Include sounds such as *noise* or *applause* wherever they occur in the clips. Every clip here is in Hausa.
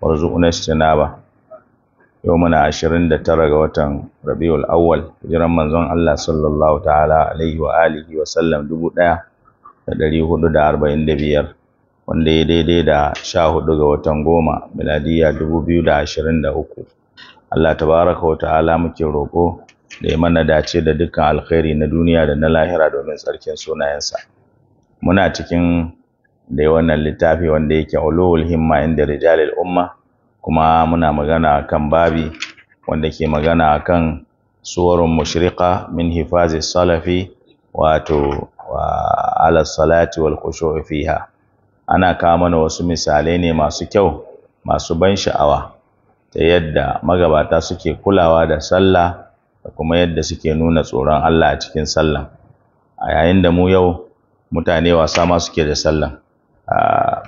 warzuqna istinaba yau muna ashirin da tara ga watan Rabiul Awwal hijiran manzon Allah sallallahu ta'ala alaihi wa alihi wa sallam biyar, wanda ya daidai da sha hudu ga watan goma miladiya da ashirin uku. Allah tabaraka wa ta'ala muke roko da ya mana dace da dukkan alkhairi na duniya da na lahira domin tsarkin sunayensa muna cikin da wannan littafi wanda yake hulul himma inda rijalil umma kuma muna magana kan babi wanda ke magana kan suwarun mushriqa min hifazi salafi wato ala salati wal khushu'i fiha ana kawo mana wasu misalai ne masu kyau masu ban sha'awa ta yadda magabata suke kulawa da sallah da kuma yadda suke nuna tsoron Allah a cikin sallah a yayin da mu yau mutane wasa ma suke da sallah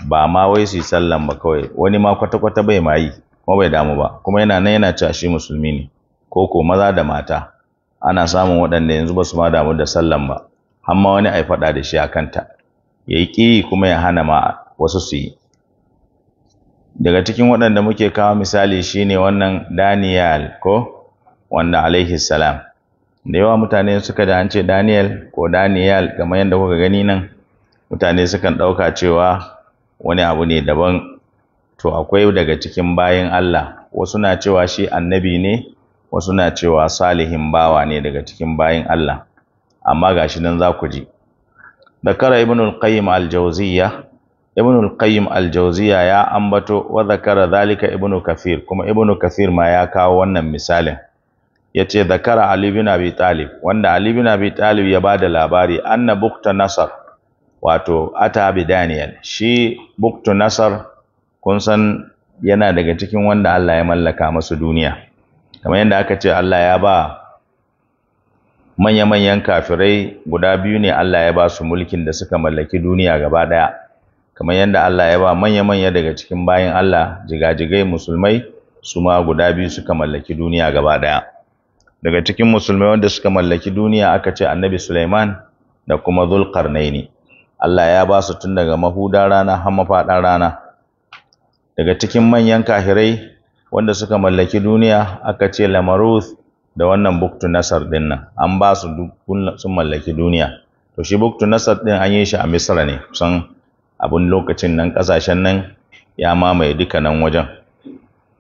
ba ma wai su yi sallan ba kawai wani ma kwata-kwata bai ma yi kuma bai damu ba kuma yana nan yana cewa shi musulmi ne ko ko maza da mata ana samun waɗanda yanzu ba su ma damu da sallan ba har ma wani ai faɗa da shi a kanta ya yi ƙiri kuma ya hana ma wasu su yi daga cikin waɗanda muke kawo misali shine wannan daniel ko wanda alaihi salam da yawa mutane suka da an ce daniel ko daniel kamar yadda kuka gani nan mutane sukan ɗauka cewa wani abu ne daban to akwai daga cikin bayan Allah wasu na cewa shi annabi ne wasu na cewa salihin bawa ne daga cikin bayan Allah amma ga shi nan za ku ji ذكر ابن القيم الجوزية ابن القيم الجوزية يا أنبتو وذكر ذلك ابن كثير كما ابن كثير ما يكاو ونن مثال يتي ذكر علي بن أبي طالب وأن علي بن أبي طالب يباد الأباري أن بخت نصر wato ata bi daniel shi buktu nasar kun san yana daga cikin wanda Allah ya mallaka masu duniya kamar yadda aka ce Allah ya ba manya-manyan kafirai guda biyu ne Allah ya ba su mulkin da suka mallaki duniya gaba ɗaya kamar yadda Allah ya ba manya-manya daga cikin bayan Allah jigajigai musulmai su ma guda biyu suka mallaki duniya gaba ɗaya daga cikin musulmai wanda suka mallaki duniya aka ce annabi suleiman da kuma ne Allah ya ba su tun daga mahuda rana har mafaɗa rana daga cikin manyan kahirai wanda suka mallaki duniya aka ce lamaruth da wannan buktu nasar din nan an ba su sun mallaki duniya to shi buktu nasar din an yi shi a misra ne kusan abun lokacin nan kasashen nan ya mamaye duka nan wajen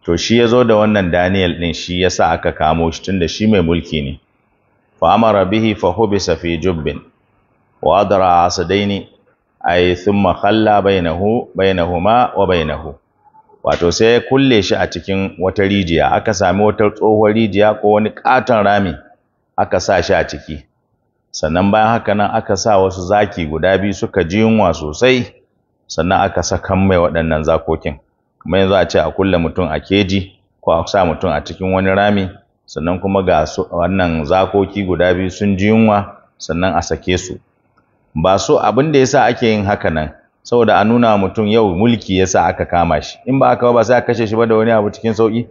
to shi ya zo da wannan daniel din shi ya sa aka kamo shi tunda shi mai mulki ne fa amara bihi fa hubisa fi jubbin wa adra asadaini ay thumma khalla bainahu bainahuma wa wato sai kulle shi a cikin wata rijiya aka sami wata tsohuwar rijiya ko wani katon rami aka sa shi a ciki sannan bayan haka nan aka sa wasu zaki guda biyu suka ji yunwa sosai sannan aka saka mai waɗannan zakokin kuma yanzu a ce a kulle mutum a keji ko a sa mutum a cikin wani rami sannan kuma ga wannan zakoki guda biyu sun ji yunwa sannan a sake su ba so abin da yasa ake yin haka nan saboda a nuna mutum yau mulki yasa aka kama shi in ba aka ba sai a kashe shi ba da wani abu cikin sauki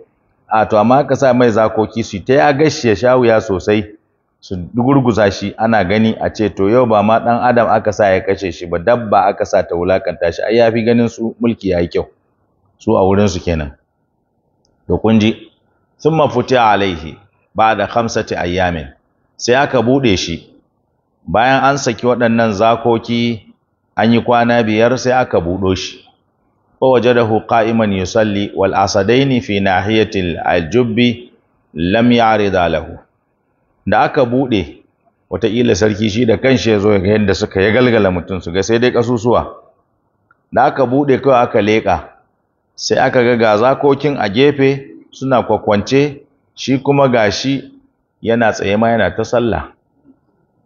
a to amma aka sa mai zakoki su ta ya gashi ya sha wuya sosai su gurguza shi ana gani a ce to yau ba ma dan adam aka sa ya kashe shi ba dabba aka sa ta wulakanta shi ai yafi ganin su mulki yayi kyau su a wurin su kenan to kun ji thumma futi alaihi da khamsati ayyamin sai aka bude shi bayan an saki waɗannan zakoki an yi kwana biyar sai aka buɗo shi Iman قائما يصلي والأسدين في ناحية الجب لم يعرض له da aka buɗe, wataƙila sarki shi da kanshi ya zo ga yadda suka ya galgala mutum su ga sai dai kasusuwa da aka buɗe kawai aka leƙa sai aka ga ga zakokin a gefe suna kwakwance shi kuma gashi yana tsaye ma yana ta sallah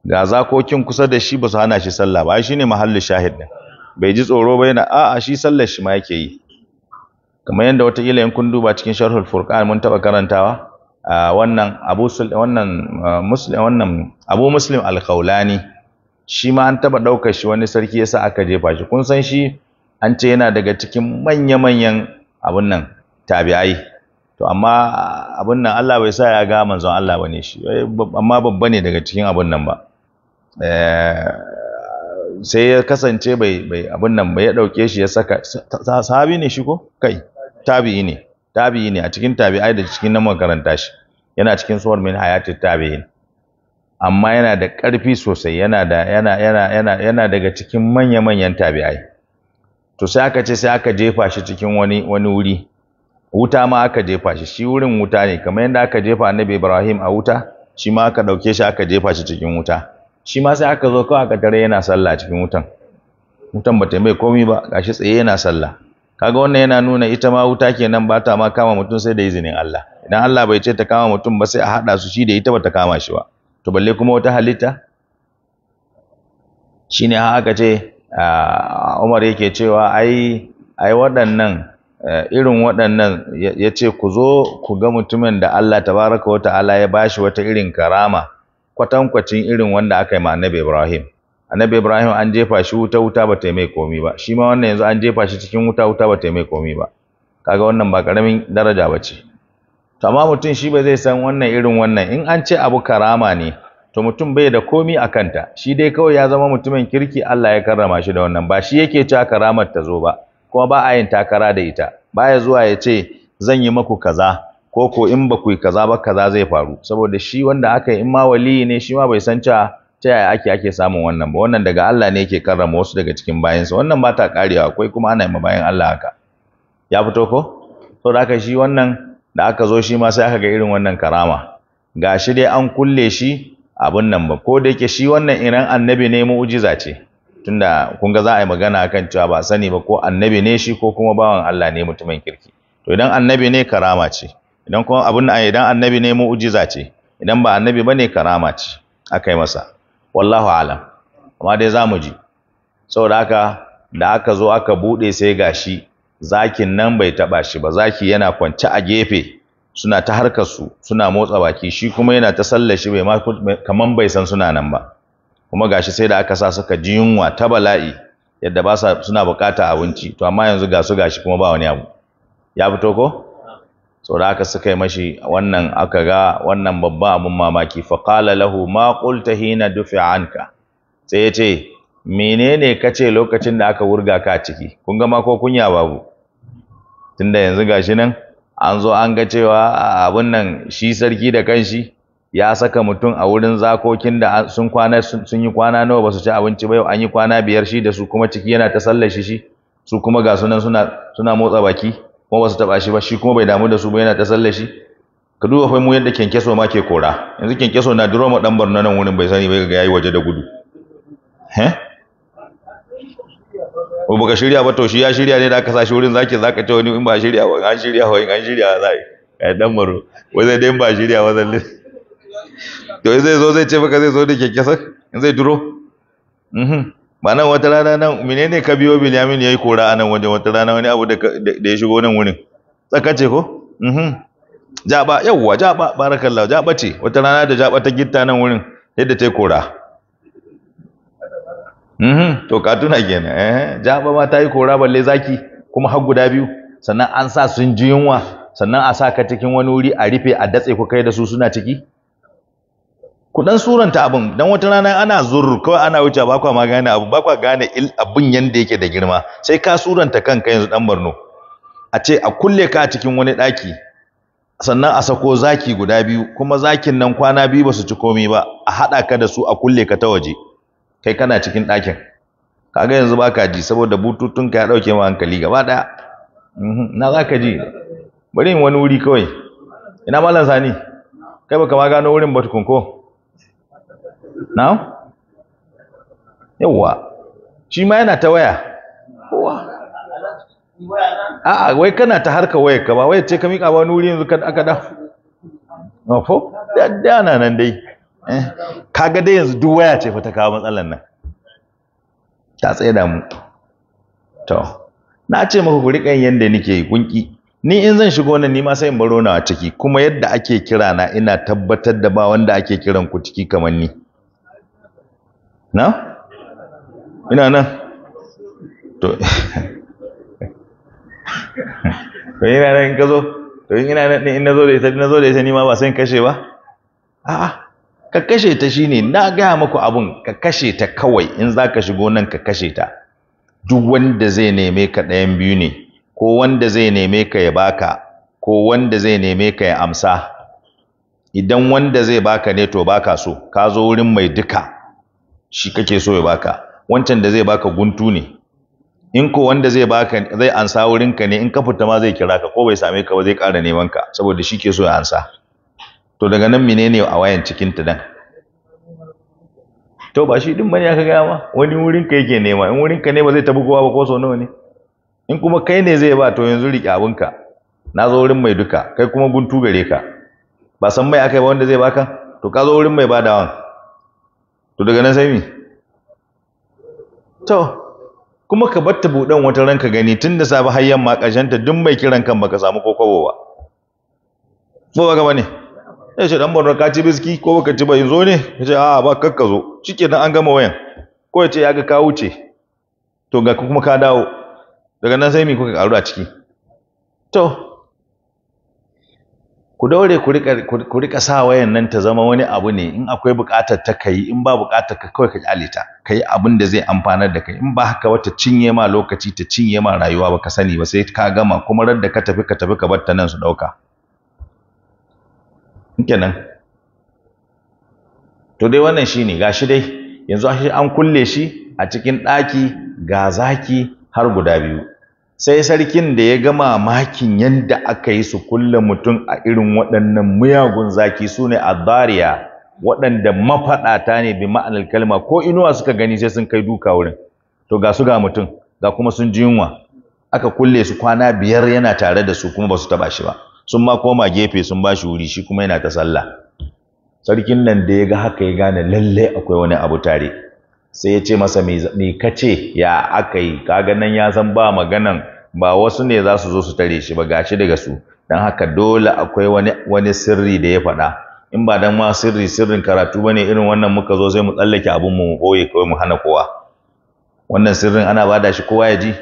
ga zakokin kusa da shi ba su hana shi sallah ba shi ne mahallin shahid din bai ji tsoro ba yana a'a shi sallar shi ma yake yi kamar yadda wata in kun duba cikin sharhul furqan mun taba karantawa wannan abu wannan muslim wannan abu muslim al-khawlani shi ma an taba daukar shi wani sarki yasa aka jefa shi kun san shi an ce yana daga cikin manya-manyan abun nan tabi'ai to amma abun nan Allah bai sa ya ga manzon Allah bane shi eh, amma babba ne daga cikin abun nan ba Eh, sai ya kasance bai bai abin nan bai ya dauke shi ya saka sahabi ne shi ko kai tabi'i ne tabi'i ne a cikin tabi'ai da cikin nan makaranta shi yana cikin suwar min hayatit tabi'in amma yana da ƙarfi sosai yana da yana yana yana yana daga cikin manya manyan tabi'ai to sai aka ce sai aka jefa shi cikin wani wani wuri wuta ma aka jefa shi shi wurin wuta ne kamar yadda aka jefa annabi Ibrahim a wuta shi ma aka dauke shi aka jefa shi cikin wuta shi ma sai aka zo kawai aka tare yana sallah cikin wutan wutan ba ta mai komai ba gashi tsaye yana sallah kaga wannan yana nuna ita ma wuta kenan ba ta ma kama mutum sai da izinin Allah idan Allah bai ce ta kama mutum ba sai a hada su shi da ita ta kama shi ba to balle kuma wata halitta shine aka ce Umar yake cewa ai ai waɗannan irin waɗannan ya ce ku zo ku ga mutumin da Allah tabaraka wa ta'ala ya bashi wata irin karama kwatankwacin irin wanda aka yi ma annabi Ibrahim annabi Ibrahim an jefa shi wuta wuta ba ta mai komi ba shi ma wannan yanzu an jefa shi cikin wuta wuta ba ta mai komi ba kaga wannan ba karamin daraja ba ce to amma mutum shi ba zai san wannan irin wannan in an ce abu karama ne to mutum bai da komi a kanta shi dai kawai ya zama mutumin kirki Allah ya karrama shi da wannan ba shi yake cewa karamar ta zo ba kuma ba a yin takara da ita baya zuwa ya ce zan yi maku kaza ko ko in ba ku kaza ba kaza zai faru saboda shi wanda aka yi in ma waliyi ne shi ma bai san cewa ta yaya ake ake samun wannan ba wannan daga Allah ne yake karrama wasu daga cikin bayansa wannan ba ta karewa akwai kuma ana yi ma bayan Allah haka ya fito ko to da aka shi wannan da aka zo shi ma sai aka ga irin wannan karama ga shi dai an kulle shi abin nan ba ko da yake shi wannan iran annabi ne mu'jiza ce tunda kun ga za a yi magana kan cewa ba sani ba ko annabi ne shi ko kuma bawan Allah ne mutumin kirki to idan annabi ne karama ce idan kuma abin idan annabi ne mu'jiza ce idan ba annabi bane karama ce akai masa wallahu alam amma dai zamu ji saboda haka da aka zo aka bude sai gashi zakin nan bai taba shi ba zaki yana kwance a gefe suna ta harkar su suna motsa baki shi kuma yana ta sallashi, shi bai ma kaman bai san suna nan ba kuma gashi sai da aka sa suka ji yunwa ta bala'i yadda ba suna bukata abinci to amma yanzu ga su gashi kuma ba wani abu ya fito ko so da suka yi mashi wannan aka ga wannan babban abin mamaki Faƙala lahu ma ƙulta hina dufe anka sai ya ce menene ce lokacin da aka wurga ka ciki kun gama ko kunya babu tunda yanzu gashi nan an zo an ga cewa abin nan shi sarki da kanshi ya saka mutum a wurin zakokin da sun kwana yi kwana nawa ba su ci abinci ba yau an yi kwana biyar shi da su kuma ciki yana ta sallashi shi su kuma ga sunan suna motsa baki kuma ba su taba shi ba shi kuma bai damu da su ba yana ta shi. ka duba fa mu yadda kenkeso ma ke kora yanzu kenkeso na duro ma dan barna nan wurin bai sani bai ga yayi waje da gudu he ko baka shirya ba to shi ya shirya ne da aka sashi wurin zaki zaka ta wani in ba shirya ba an shirya ho in an shirya zai ai dan maro wai zai dai ba shirya ba zalle to zai zo zai ce baka zai zo da kenkeso in zai duro mhm Mana wata rana nan menene ka biyo Bilyamin yayi kora a nan wajen wata rana wani abu da ya shigo nan wurin tsakace ko mhm jaba yawwa jaba barakallahu jaba ce wata rana da jaba ta gitta nan wurin yadda ta yi kora mhm to ka tuna kenan eh jaba ma ta yi kora balle zaki kuma har guda biyu sannan an sa sun ji yunwa sannan a sa ka cikin wani wuri a rufe a datse ku kai da su suna ciki ku dan suranta abin dan wata rana ana zur kawai ana wuce ba kwa magana abu ba kwa gane il abin yanda yake da girma sai ka suranta kanka yanzu dan barno. a ce a kulle ka cikin wani daki sannan a sako zaki guda biyu kuma zakin nan kwana biyu basu ci komai ba a hada ka da su a kulle ka ta waje kai kana cikin ɗakin kaga yanzu baka ji saboda bututunka ya dauke ma hankali gaba daya mhm, na zaka ji bari in wani wuri kawai ina malam sani kai baka ma gano wurin ba tukunko na yawa shi ma yana ta waya kowa a'a wai kana ta harka waya ka ba waya ce ka miƙa ba wani wuri yanzu kan aka da mafo da na nan dai eh. kaga dai yanzu duk waya ce fa ta kawo matsalan nan ta tsaye da mu to na ce maka ku riƙa yadda nake kunki ni in zan shigo nan ni ma sai in baro na ciki kuma yadda ake kira na ina tabbatar da ba wanda ake kiran ku ciki kamar ni na? ina nan to *laughs* to ina nan in ka zo to ina nan in na zo da ita na zo da ita ni ma ba san kashe ba a'a ka kashe ta shine na gaya maku abun ka kashe ta kawai in za ka shigo nan ka kashe ta duk wanda zai neme ka ɗayan biyu ne ko wanda zai neme ka ya baka ko wanda zai neme ka ya amsa idan wanda zai baka ne to baka so ka zo wurin mai duka shi kake so ya baka wancan da zai baka guntu ne in ko wanda zai baka zai ansa wurinka ne in ka fita ma zai kira ka ko bai same ka ba zai ƙara neman ka saboda shi ke so ya ansa to daga nan menene a wayan cikin ta dan to ba shi din bane aka gaya ma wani wurin ka yake nema in wurin ka ne ba zai tabu kowa ba ko so nawa ne in kuma kai ne zai ba to yanzu riƙe ka. na zo wurin mai duka kai kuma guntu gare ka ba san mai akai yi ba wanda zai baka to ka zo wurin mai badawan to daga nan sai mi to kuma ka batta buɗan wata ranka gani tun da safe har yamma ƙarshenta duk mai kiran kan baka samu ko kwabo ba ko ba ga ne sai ce dan borno ka ci biski ko baka ci ba zo ne ka ce a'a ba kakka zo cike dan an gama wayan ko ya ce ya ga ka wuce to ga kuma ka dawo daga nan sai mi kuka karu a ciki to ku daure ku rika sa wayan nan ta zama wani abu ne in akwai buƙatar ta kai in ba buƙatar ka kawai ka kyalita kai abin da zai amfanar da kai in ba haka wata cinye ma lokaci ta cinye ma rayuwa baka sani ba sai ka gama kuma radda ka tafi ka tafi ka bar ta nan su dauka kenan to dai wannan shine gashi dai yanzu an kulle shi a cikin ɗaki ga zaki har guda biyu sai sarkin da ya ga mamakin yadda aka yi su kulle mutum a irin waɗannan muyagun zaki su ne zariya waɗanda mafaɗata ne bi ma'anar kalma ko inuwa suka gani sai sun kai duka wurin to ga su ga mutum ga kuma sun ji yunwa aka kulle su kwana biyar yana tare da su kuma ba su taɓa shi ba sun ma koma gefe sun ba shi wuri shi kuma yana ta sallah sarkin nan da ya ga haka ya gane lallai akwai wani abu tare sai ya ce masa me kace ya aka yi kaga nan ya san ba maganan ba wasu ne za su zo su tare shi ba gashi daga su dan haka dole akwai wani wani sirri da ya faɗa in ba dan ma sirri sirrin karatu bane irin wannan muka zo sai mu tsallake abun mu boye kawai mu hana kowa wannan sirrin ana bada shi kowa ya ji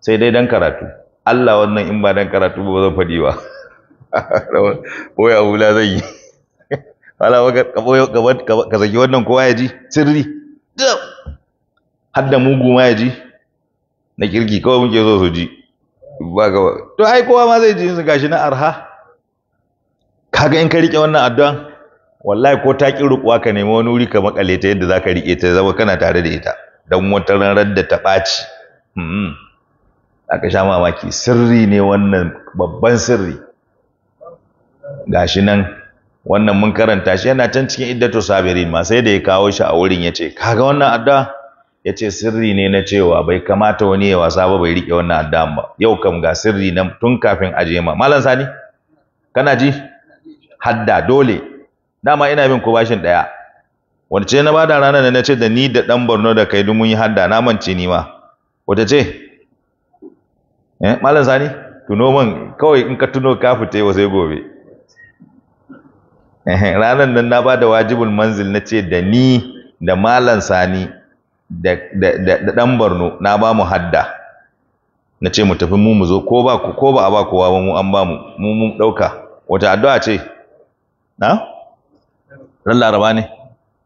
sai dai dan karatu Allah wannan in ba dan karatu ba zan faɗi ba *laughs* boye abu la yi *laughs* wala kabo ka zaki wannan kowa ya ji sirri hadda mugu ma ya ji na kirki kawai muke so su ji ba ba to ai kowa ma zai ji su gashi na arha kaga in ka rike wannan addu'an wallahi ko ta ki rukuwa ka nemi wani wuri ka makale ta yadda zaka rike ta zama kana tare da ita dan wata ranar da ta ɓaci hmm. aka sha mamaki sirri ne wannan babban sirri gashi nan wannan mun karanta shi yana can cikin iddatu sabirin ma sai da ya kawo shi a wurin ya ce kaga wannan addu'a ya ce sirri ne na cewa bai kamata wani ya wasa ba bai riƙe wannan addu'an ba yau kam ga sirri na tun kafin aje ma malam sani kana ji hadda dole dama ina bin ku bashin ɗaya wace na bada ranar da na ce da ni da dan borno da kai mun yi hadda na mance ni ma wata ce eh malam sani tuno man kawai in ka tuno ka fita wa sai gobe eh, ranar nan na bada wajibul manzil na ce da ni da malam sani da ɗan barno na ba mu hadda na ce mu tafi mu mu zo ko ba ko ba a ba kowa ba mu an ba mu mu mu ɗauka wata addu'a ce na ran laraba ne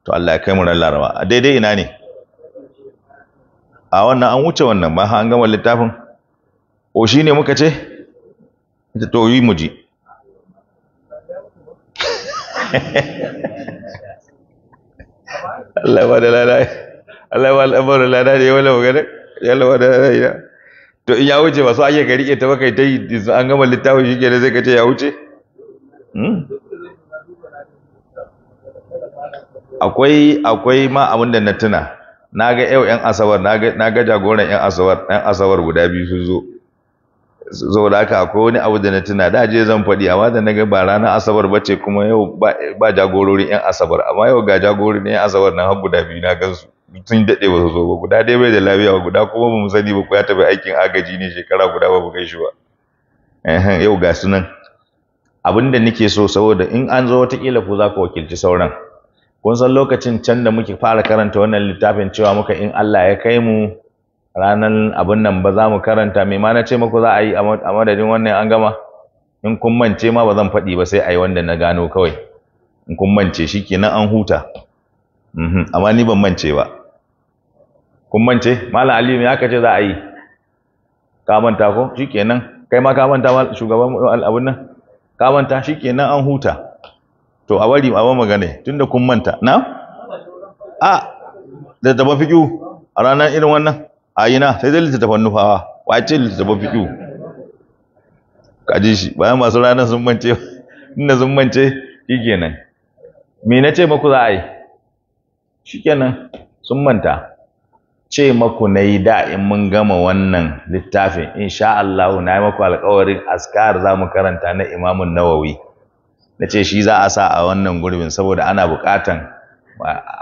to Allah ya kai mu ran laraba a daidai ina ne a wannan an wuce wannan ba an gama littafin o shi ne muka ce ita to yi mu ji *laughs* Allah ba da lalai Allah ba al'amarin lada da ya wala magana ya lawa da rayuwa to in ya wuce ba su ake ka rike ta ba kai ta yi an gama littafin shi kenan zai kace ya wuce hmm? akwai akwai ma abin da na tuna na ga yau yan asabar na ga jagoran yan asabar yan asabar guda biyu sun zo zo da haka akwai wani abu da na tuna da je zan faɗi amma da na ga ba ranar asabar ba ce kuma yau ba jagororin yan asabar amma yau ga jagororin yan asabar na har guda biyu na gansu sun daɗe ba su zo ba guda dai bai da lafiya ba guda kuma ba mu sani ba ko ya tafi aikin agaji ne shekara guda ba mu kai shi ba yau ga su nan abin da nake so saboda in an zo watakila ko za ku wakilci sauran kun san lokacin can da muke fara karanta wannan littafin cewa muka in Allah ya kai mu ranar abin nan ba za mu karanta mai ma na ce muku za a yi a madadin wannan an gama in kun mance ma ba zan faɗi ba sai a yi wanda na gano kawai in kun mance shi kenan an huta amma ni ban mance ba kun mance malam Ali me aka ce za a yi ka manta ko shikenan kai ma ka manta shugaban abun nan ka manta shikenan an huta to a bari a ba magana tunda kun manta na a da daban fiƙu a ranar irin wannan a yi sai dai littattafan nufawa wace littattafan fiƙu Kaji ji shi bayan masu ranar sun mance inda sun mance shikenan me na ce maku za a yi shikenan sun manta ce maku na yi da in mun gama wannan littafin insha Allah na yi maku alkawarin askar za mu karanta na imamun nawawi na ce shi za a sa a wannan gurbin saboda ana bukatan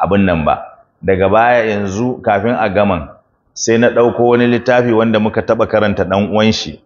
abin nan ba daga baya yanzu kafin a gaman sai na ɗauko wani littafi wanda muka taɓa karanta ɗan uwan shi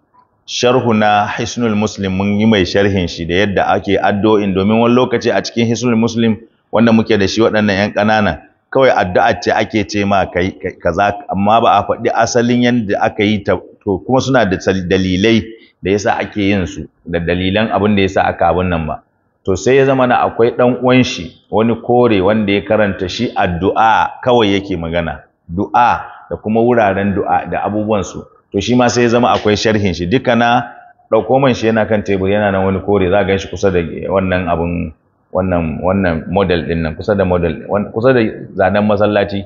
sharhu na hisnul muslim mun yi mai sharhin shi da yadda ake addo'in domin wani lokaci a cikin hisnul muslim wanda muke da shi waɗannan 'yan ƙanana kawai addu'a ce ake ce ma kai kaza amma ba a faɗi asalin yadda aka yi ta to kuma suna da dalilai da yasa ake yin su da dalilan abin da yasa aka abin nan ba to sai ya zama na akwai dan uwan shi wani kore wanda ya karanta shi addu'a kawai yake magana du'a da kuma wuraren du'a da abubuwan su to shi ma sai ya zama akwai sharhin shi duka na dauko man shi yana kan tebur yana nan wani kore za ga shi kusa da wannan abun wannan model din nan kusa da model kusa da zanen masallaci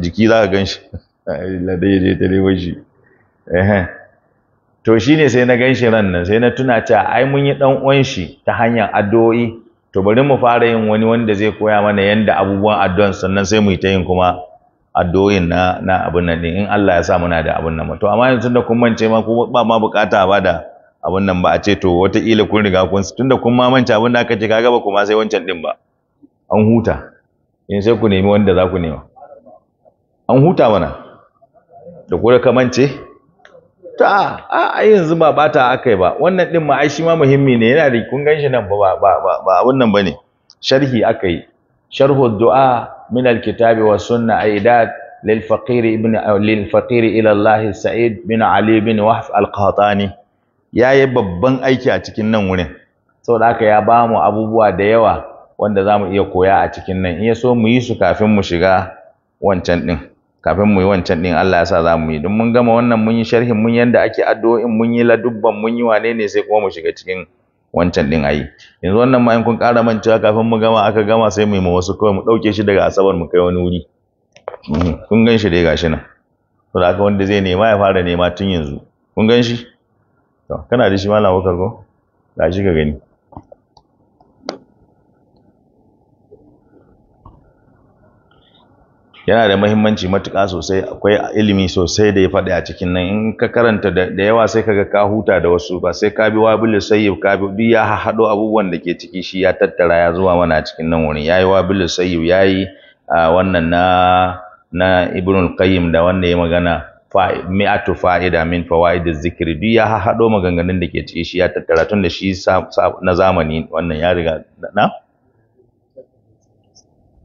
jiki za ka gan shi ladai je ta rewa shi to shine sai na gan shi ran nan sai na tuna cewa ai mun yi dan uwan shi ta hanyar addu'o'i to bari mu fara yin wani wanda zai koya mana yanda abubuwan addu'an sannan sai mu yi ta yin kuma addu'o'in na na abin nan in Allah ya sa muna da abin nan to amma yanzu da kun mance ma ku ba ma bukata ba da abin nan ba a ce to wataƙila kun riga kun tunda kun ma manta abin da aka ce kaga ba kuma sai wancan din ba an huta in eh, sai ku nemi wanda za ku nema an huta mana da kura ka mance ta a yanzu ba bata akai ba wannan din ma ai shi ma muhimmi ne yana da kun ganshi nan ba ba ba abun nan bane sharhi akai sharhu du'a min alkitabi was sunna aidat للفقير ابن ibn lil faqir ila allah sa'id bin ali bin wahf ya yi babban aiki a cikin nan wurin saboda haka ya ba mu abubuwa da yawa wanda za mu iya koya a cikin nan iya so mu yi su kafin mu shiga wancan ɗin kafin mu yi wancan ɗin Allah ya sa za mu yi don mun gama wannan mun yi sharhin mun yanda ake addu'o'in mun yi ladubban mun yi wane ne sai kuma mu shiga cikin wancan ɗin ayi yanzu wannan ma in kun ƙara cewa kafin mu gama aka gama sai mu yi wasu kawai mu ɗauke shi daga asabar mu kai wani wuri mm-hmm. kun gan shi dai gashi nan da aka wanda zai nema ya fara nema tun yanzu kun gan to kana da shi malam bakar ko ga shi ka gani yana da mahimmanci matuƙa sosai akwai ilimi sosai da ya faɗi a cikin nan in ka karanta da yawa sai kaga ka huta da wasu ba sai ka bi wabilu sayyib ka bi ya haɗo abubuwan da ke ciki shi ya tattara ya zuwa mana a cikin nan wurin yayi wabilu sayyib yayi ah, wannan na na ibnul qayyim da wanda ya magana mi'atu fa'ida min fawaid zikri duk ya haɗo maganganun da ke ci shi ya tattara tun da shi na zamani wannan ya riga na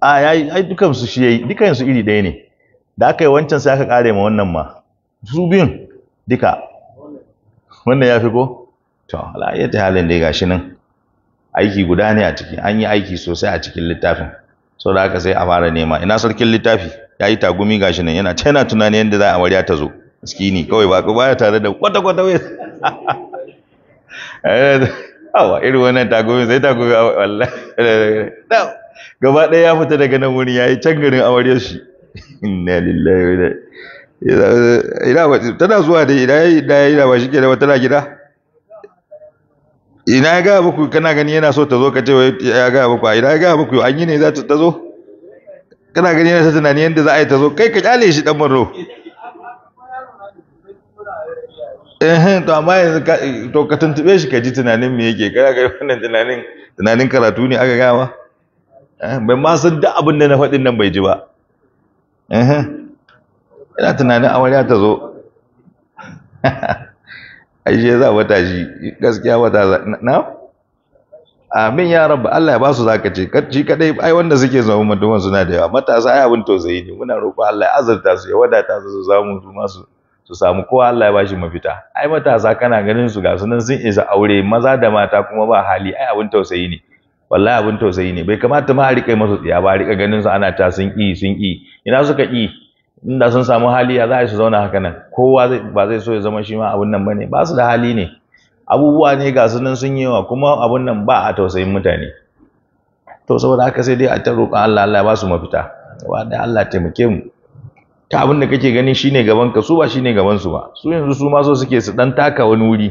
a yayi ai dukan su shi yayi dukan su iri ɗaya ne da aka yi wancan sai aka kare ma wannan ma su biyun duka wannan ya fi ko to ala'ayyata halin dai gashi nan aiki guda ne a ciki an yi aiki sosai a cikin littafin sau da aka sai a fara nema ina sarkin littafi ya yi tagumi ga shi nan yana tana tunani yadda za a amarya ta zo skini kawai ba ku baya tare da kwata kwata wai *laughs* eh, awa irin wannan tagumi sai tagumi wallahi *laughs* gaba ɗaya ya fita daga nan wuri yayi can garin amaryar shi *laughs* inna lillahi wa inna ilaihi tana zuwa da ina ina ina ba shike da tana gida ina ga muku kana gani yana so ta zo ka ce ya ga muku ina ga muku an yi ne za ta zo kana gani yana ta tunani yadda za a yi ta zo kai ka kyale shi dan maro eh to amma yanzu to ka tuntube shi ka ji tunanin me yake kana gani wannan tunanin tunanin karatu ne aka gama eh, bai ma san duk abin da na faɗin nan bai ji ba eh ina tunanin amarya ta zo ashe *laughs* za wata shi gaskiya wata na amin ya rabu Allah ya basu su zaka ce shi kadai ai wanda suke zama mutumin suna da yawa matasa ai abin tausayi ne muna roƙo Allah ya azurta su ya wadata su su samu su masu su samu kowa Allah ya bashi mafita ai matasa kana ganin su ga sunan sun isa aure maza da mata kuma ba hali ai abin tausayi ne wallahi abin tausayi ne bai kamata ma a riƙe masu tsiya ba a ganin su ana ta sun ƙi sun ƙi ina suka ƙi inda sun samu hali ya za su zauna haka nan kowa ba zai so ya zama shi ma abin nan bane ba su da hali ne abubuwa ne ga sunan sun yi yawa kuma abun nan ba a tausayin mutane to saboda haka sai dai a ta roƙon Allah Allah ba su mafita wa da Allah taimake mu ta abin da kake gani shine gaban ka su ba shine gaban su ba su yanzu su ma so suke su dan taka wani wuri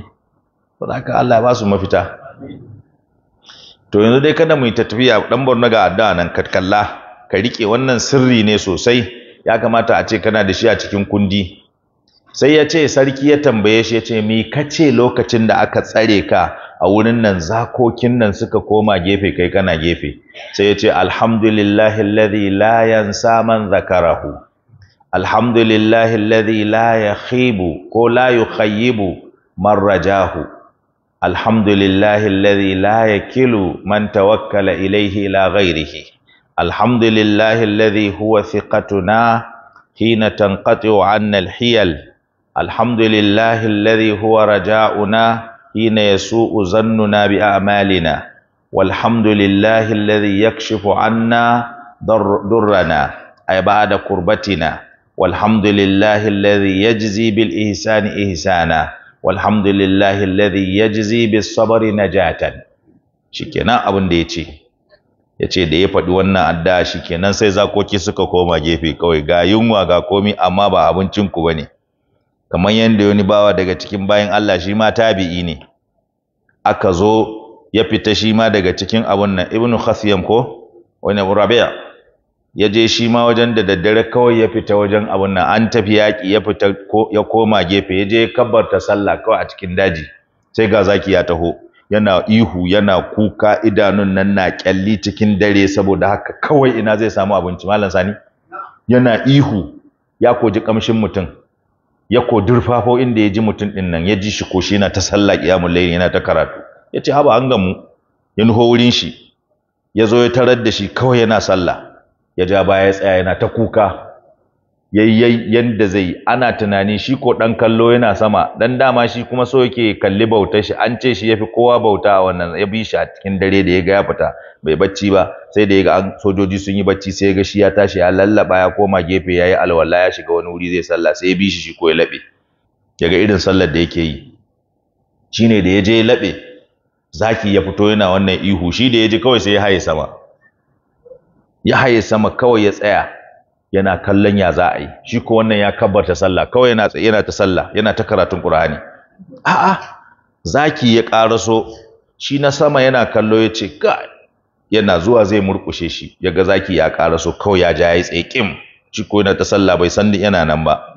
saboda haka Allah ba su mafita to yanzu dai kada mu yi tafiya dan barna ga addu'a nan ka kalla ka rike wannan sirri ne sosai ya kamata a ce kana da shi a cikin kundi sai ya ce sarki ya tambaye shi ya ce mi kace lokacin da aka tsare ka a wurin nan zakokin nan suka koma gefe kai kana gefe sai ya ce alhamdulillahi alladhi la yansa man zakarahu alhamdulillahi alladhi la yakhibu ko la yukhayibu man rajahu alhamdulillahi alladhi la yakilu man tawakkala ilayhi la ghairihi alhamdulillahi alladhi huwa thiqatuna hina tanqati'u 'anna al-hiyal الحمد لله الذي هو رجاؤنا حين يسوء ظننا بأعمالنا والحمد لله الذي يكشف عنا در درنا أي بعد قربتنا والحمد لله الذي يجزي بالإحسان إحسانا والحمد لله الذي يجزي بالصبر نجاة شكنا أبن ديتي ya ce da ya faɗi wannan adda shi kenan sai zakoki suka koma gefe kawai ga yunwa ga komi amma ba abincinku ba ne kamar yadda wani bawa daga cikin bayan Allah shi ma tabi'i ne aka zo ya fita shi ma daga cikin abun nan ibnu khasiyam ko wani rabi'a ya je shi ma wajen da daddare kawai ya fita wajen abun nan an tafi yaki ya fita ya koma gefe ya je kabbarta sallah kawai a cikin daji sai ga zaki ya taho yana ihu yana kuka idanun nan na kyalli cikin dare saboda haka kawai ina zai samu abinci malam sani yana ihu ya koji kamshin mutum ya ko durfafo inda ya ji mutum din nan ya ji shi ko shi yana ta sallah qiyamul layl yana ta karatu ya ce haba an gamu ya nuho wurin shi ya zo ya tarar da shi kawai yana sallah ya ja baya ya tsaya yana ta kuka yayyai yanda zai ana tunani shi ko dan kallo yana sama dan dama shi kuma so yake kalli bautar shi an ce shi yafi kowa bauta a wannan ya bi shi a cikin dare da ya ga ya fita bai bacci ba sai da ya ga sojoji sun yi bacci sai ya ga shi ya tashi ya lallaba ya koma gefe yayi alwala ya shiga wani wuri zai sallah sai ya bi shi shi ko ya laɓe ya irin sallar da yake yi shine da ya ya laɓe zaki ya fito yana wannan ihu shi da ya ji kawai sai ya haye sama ya haye sama kawai ya tsaya yana kallon ya za a yi shi ko wannan ya kabbarta sallah kawai yana tsaye yana ta sallah yana ta karatun qur'ani a'a zaki ya karaso shi na sama yana kallo ya ce ga yana zuwa zai murkushe shi ya ga zaki ya karaso kawai ya ja ya tsaye kim shi ko yana ta sallah bai san yana nan ba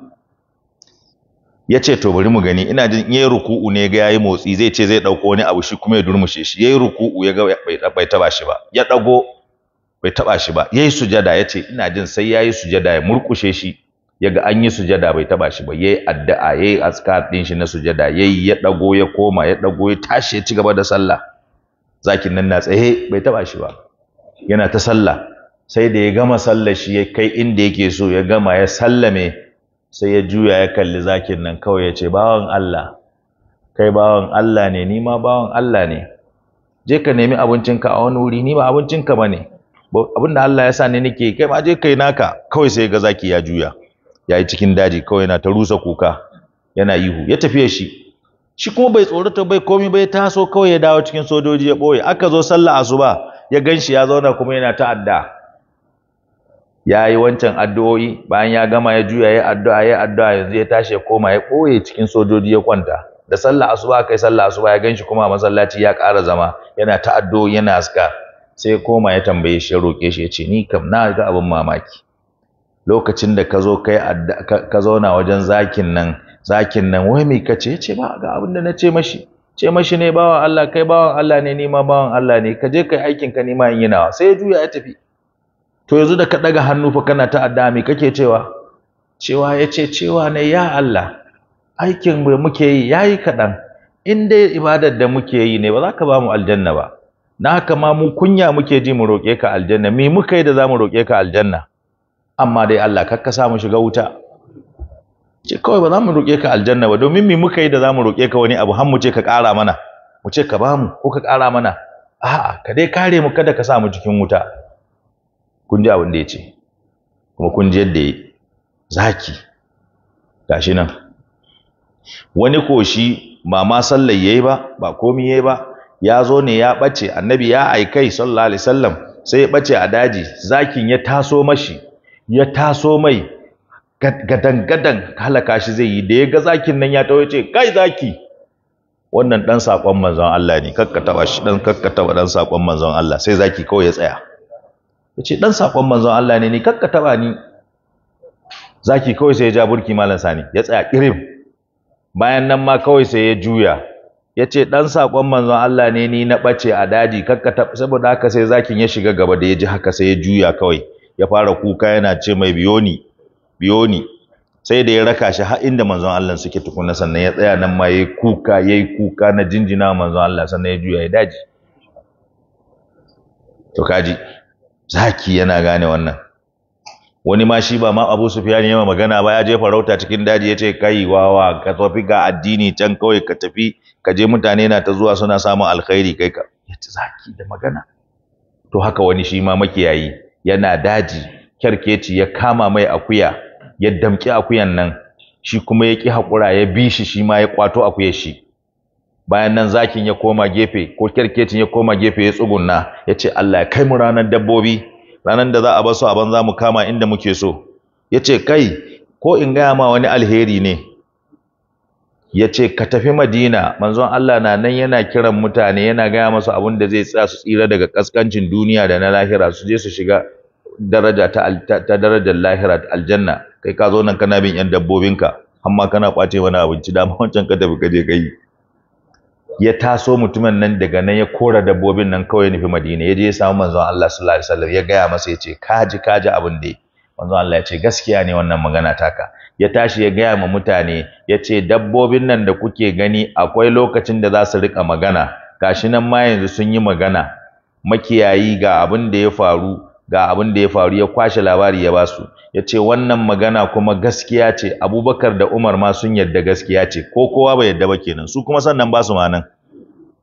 ya ce to bari mu gani ina jin yayi ruku'u ne ga yayi motsi zai ce zai dauko wani abu shi kuma ya durmushe shi yayi ruku'u ya ga bai taba shi ba ya dago bai taba shi ba yayi sujada yace ina jin sai yayi sujada ya murkushe shi yaga an yi sujada bai taba shi ba yayi addu'a yayi azkar din shi na sujada yayi ya dago ya koma ya dago ya tashi ya ci gaba da sallah zakin nan na tsaye bai taba shi ba yana ta sallah sai da ya gama sallar shi ya kai inda yake so ya gama ya sallame sai ya juya ya kalli zakin nan kawai ya ce bawan Allah kai bawan Allah ne ni ma bawan Allah ne je ka nemi abincinka a wani wuri ni ba abincinka bane abinda Allah ya sa ne nake kai ma je kai naka kawai sai ga zaki ya juya yayi cikin daji kawai yana ta rusa kuka yana ihu ya tafiye shi shi kuma bai tsorata bai komai bai taso kawai ya dawo cikin sojoji ya boye aka zo sallah asuba ya ganshi ya zauna kuma yana ta adda ya yi wancan addu'o'i bayan ya gama ya juya ya addu'a ya addu'a yanzu ya tashi ya koma ya boye cikin sojoji ya kwanta da sallah asuba kai sallah asuba ya ganshi kuma masallaci ya ƙara zama yana ta addu'o'i yana aska. sai koma ya tambaye shi ya roƙe shi ya ce ni kam na ga abin mamaki lokacin da ka zo kai ka zauna wajen zakin nan zakin nan wai me kace ya ce ba ga abin da na ce mashi ce mashi ne bawan Allah kai bawan Allah ne ni ma bawan Allah ne ka je kai aikin ka ni ma in yi nawa sai ya juya ya tafi to yanzu da ka daga hannu fa kana ta addu'a me kake cewa cewa ya ce cewa ne ya Allah aikin da muke yi yayi kaɗan in dai ibadar da muke yi ne ba za ka ba mu aljanna ba na haka ma mu kunya muke ji mu roƙe ka aljanna me muka yi da za mu roƙe ka aljanna amma dai Allah kakka sa mu shiga wuta ce kawai ba za mu roƙe ka aljanna ba domin me muka yi da za mu roƙe ka wani abu har mu ce ka ƙara mana mu ce ka bamu ko ka ƙara mana a'a ka dai kare mu kada ka sa mu cikin wuta kun ji abin da ya ce kuma kun ji yadda ya zaki gashi nan wani koshi ba ma sallar yayi ba ba komai yayi ba ya zo ne ya ɓace annabi ya aikai sallallahu alaihi wasallam sai ya ɓace a daji zakin ya taso mashi ya taso mai gadan gadan halaka shi zai yi da ya ga zakin nan ya tawo ya ce kai zaki wannan dan sakon manzon Allah ne kakkatawa shi dan kakkatawa dan sakon manzon Allah sai zaki kawai ya tsaya ya ce dan sakon manzon Allah ne ni kakkatawa ni zaki kawai sai ya ja burki malam sani ya tsaya kirim. bayan nan ma kawai sai ya juya ya ce ɗan saƙon manzon Allah ne ni na ɓace a daji kakkata saboda haka sai zakin ya shiga gaba da ya ji haka sai ya juya kawai ya fara kuka yana ce mai biyoni biyoni sai da ya raka shi har inda manzon Allah suke tukuna sannan ya tsaya nan ma yayi kuka yayi kuka na jinjina manzon Allah sannan ya juya ya daji to kaji zaki yana gane wannan wani ma shi ba ma Abu Sufyan ya magana ba ya je farauta cikin daji ya ce kai wawa ka tafi ga addini can kawai ka tafi ka je mutane na ta zuwa suna samun alkhairi kai ka ya ci zaki da magana to haka wani shi ma makiyayi yana daji kyarkeci ya kama mai akuya ya damƙi akuyan nan shi kuma ya ƙi haƙura ya bi shi shi ma ya ƙwato akuyar shi bayan nan zakin ya koma gefe ko kyarkecin ya koma gefe ya tsugunna ya ce Allah ya kai mu ranar dabbobi ranar da za a basu a banza mu kama inda muke so ya ce kai ko in gaya ma wani alheri ne ya ce ka tafi madina manzon Allah na nan yana kiran mutane yana gaya masu abin da zai tsaya su tsira daga kaskancin duniya da na lahira su je su shiga daraja ta, darajar lahira aljanna kai ka zo nan kana bin yan dabbobinka amma kana kwace wani abinci dama wancan ka tafi ka je ka ya taso mutumin nan daga nan ya kora dabbobin nan kawai nufi madina ya je ya samu manzon Allah sallallahu alaihi wasallam ya gaya masa ya ce kaji kaji abin da manzon Allah ya ce gaskiya ne wannan magana taka ya tashi ya gaya ma mutane ya ce dabbobin nan da kuke gani akwai lokacin da za su riƙa magana gashi nan ma yanzu sun yi magana makiyayi ga abin da ya faru ga abin da ya faru ya kwashe labari ya basu ya ce wannan magana kuma gaskiya ce abubakar da umar ma sun yadda gaskiya ce ko kowa bai yarda ba kenan su kuma sannan ba su ma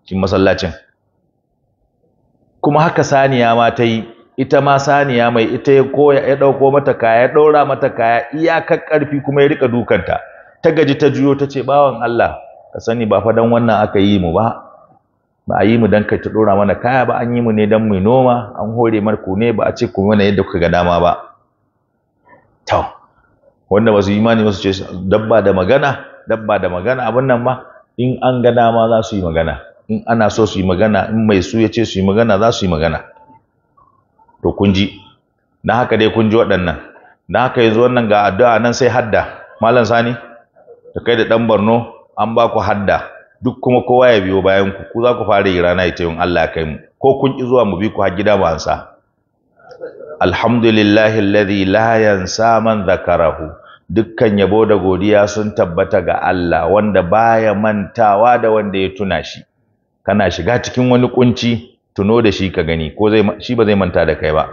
cikin masallacin kuma haka saniya ma ta yi ita ma saniya mai ita ya koya ya ɗauko mata kaya ya daura mata kaya iyakar karfi kuma ya rika dukanta ta gaji ta juyo ta ce bawan Allah ka sani ba fa dan wannan aka yi mu ba ba a yi mu dan kai ta ɗora mana kaya ba an yi mu ne dan mu noma an hore marku ne ba a ce ku mana yadda kuka ga dama ba to wanda ba su imani ba su ce dabba da magana dabba da magana abin nan ma in an ga dama za su yi magana in ana so su yi magana in mai su ya ce su yi magana za su yi magana to kun ji na haka dai kun ji waɗannan na haka yanzu wannan ga addu'a nan sai hadda malam sani da kai da dan Borno an ba ku hadda duk kuma kowa ya biyo bayan ku ku za ku fara yi rana ita yin Allah kai mu ko kun ki zuwa mu bi ku har gida mu ansa alhamdulillahi alladhi la yansa man dhakarahu dukkan yabo da godiya sun tabbata ga Allah wanda baya mantawa da wanda ya tuna shi kana shiga cikin wani kunci tuno da shi ka gani ko shi ba zai manta da kai ba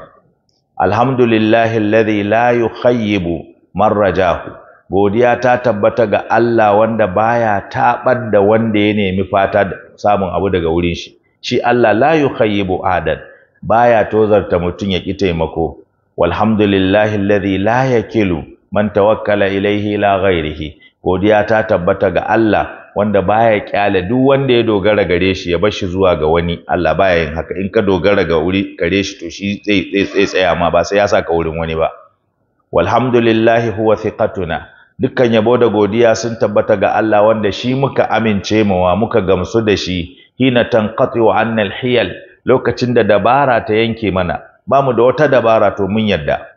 alhamdulillahi alladhi la yukhayyibu man rajahu godiya ta tabbata ga Allah wanda baya tabar da wanda ya nemi fata samun abu daga wurin shi shi Allah la yukhayyibu adad baya tozarta mutun ya ki taimako walhamdulillahi alladhi la yakilu man tawakkala ilayhi la ghayrihi godiya ta tabbata ga Allah wanda baya kyale duk wanda ya dogara gare shi ya bashi zuwa ga wani Allah baya yin haka in ka dogara ga wuri gare shi to shi zai zai tsaya ma ba sai ya saka wurin wani ba walhamdulillahi huwa thiqatuna dukkan yabo da godiya sun tabbata ga Allah wanda shi muka amince wa muka gamsu da shi hina tanqati wa annal hiyal lokacin da dabara ta yanke mana ba mu da wata dabara to mun yadda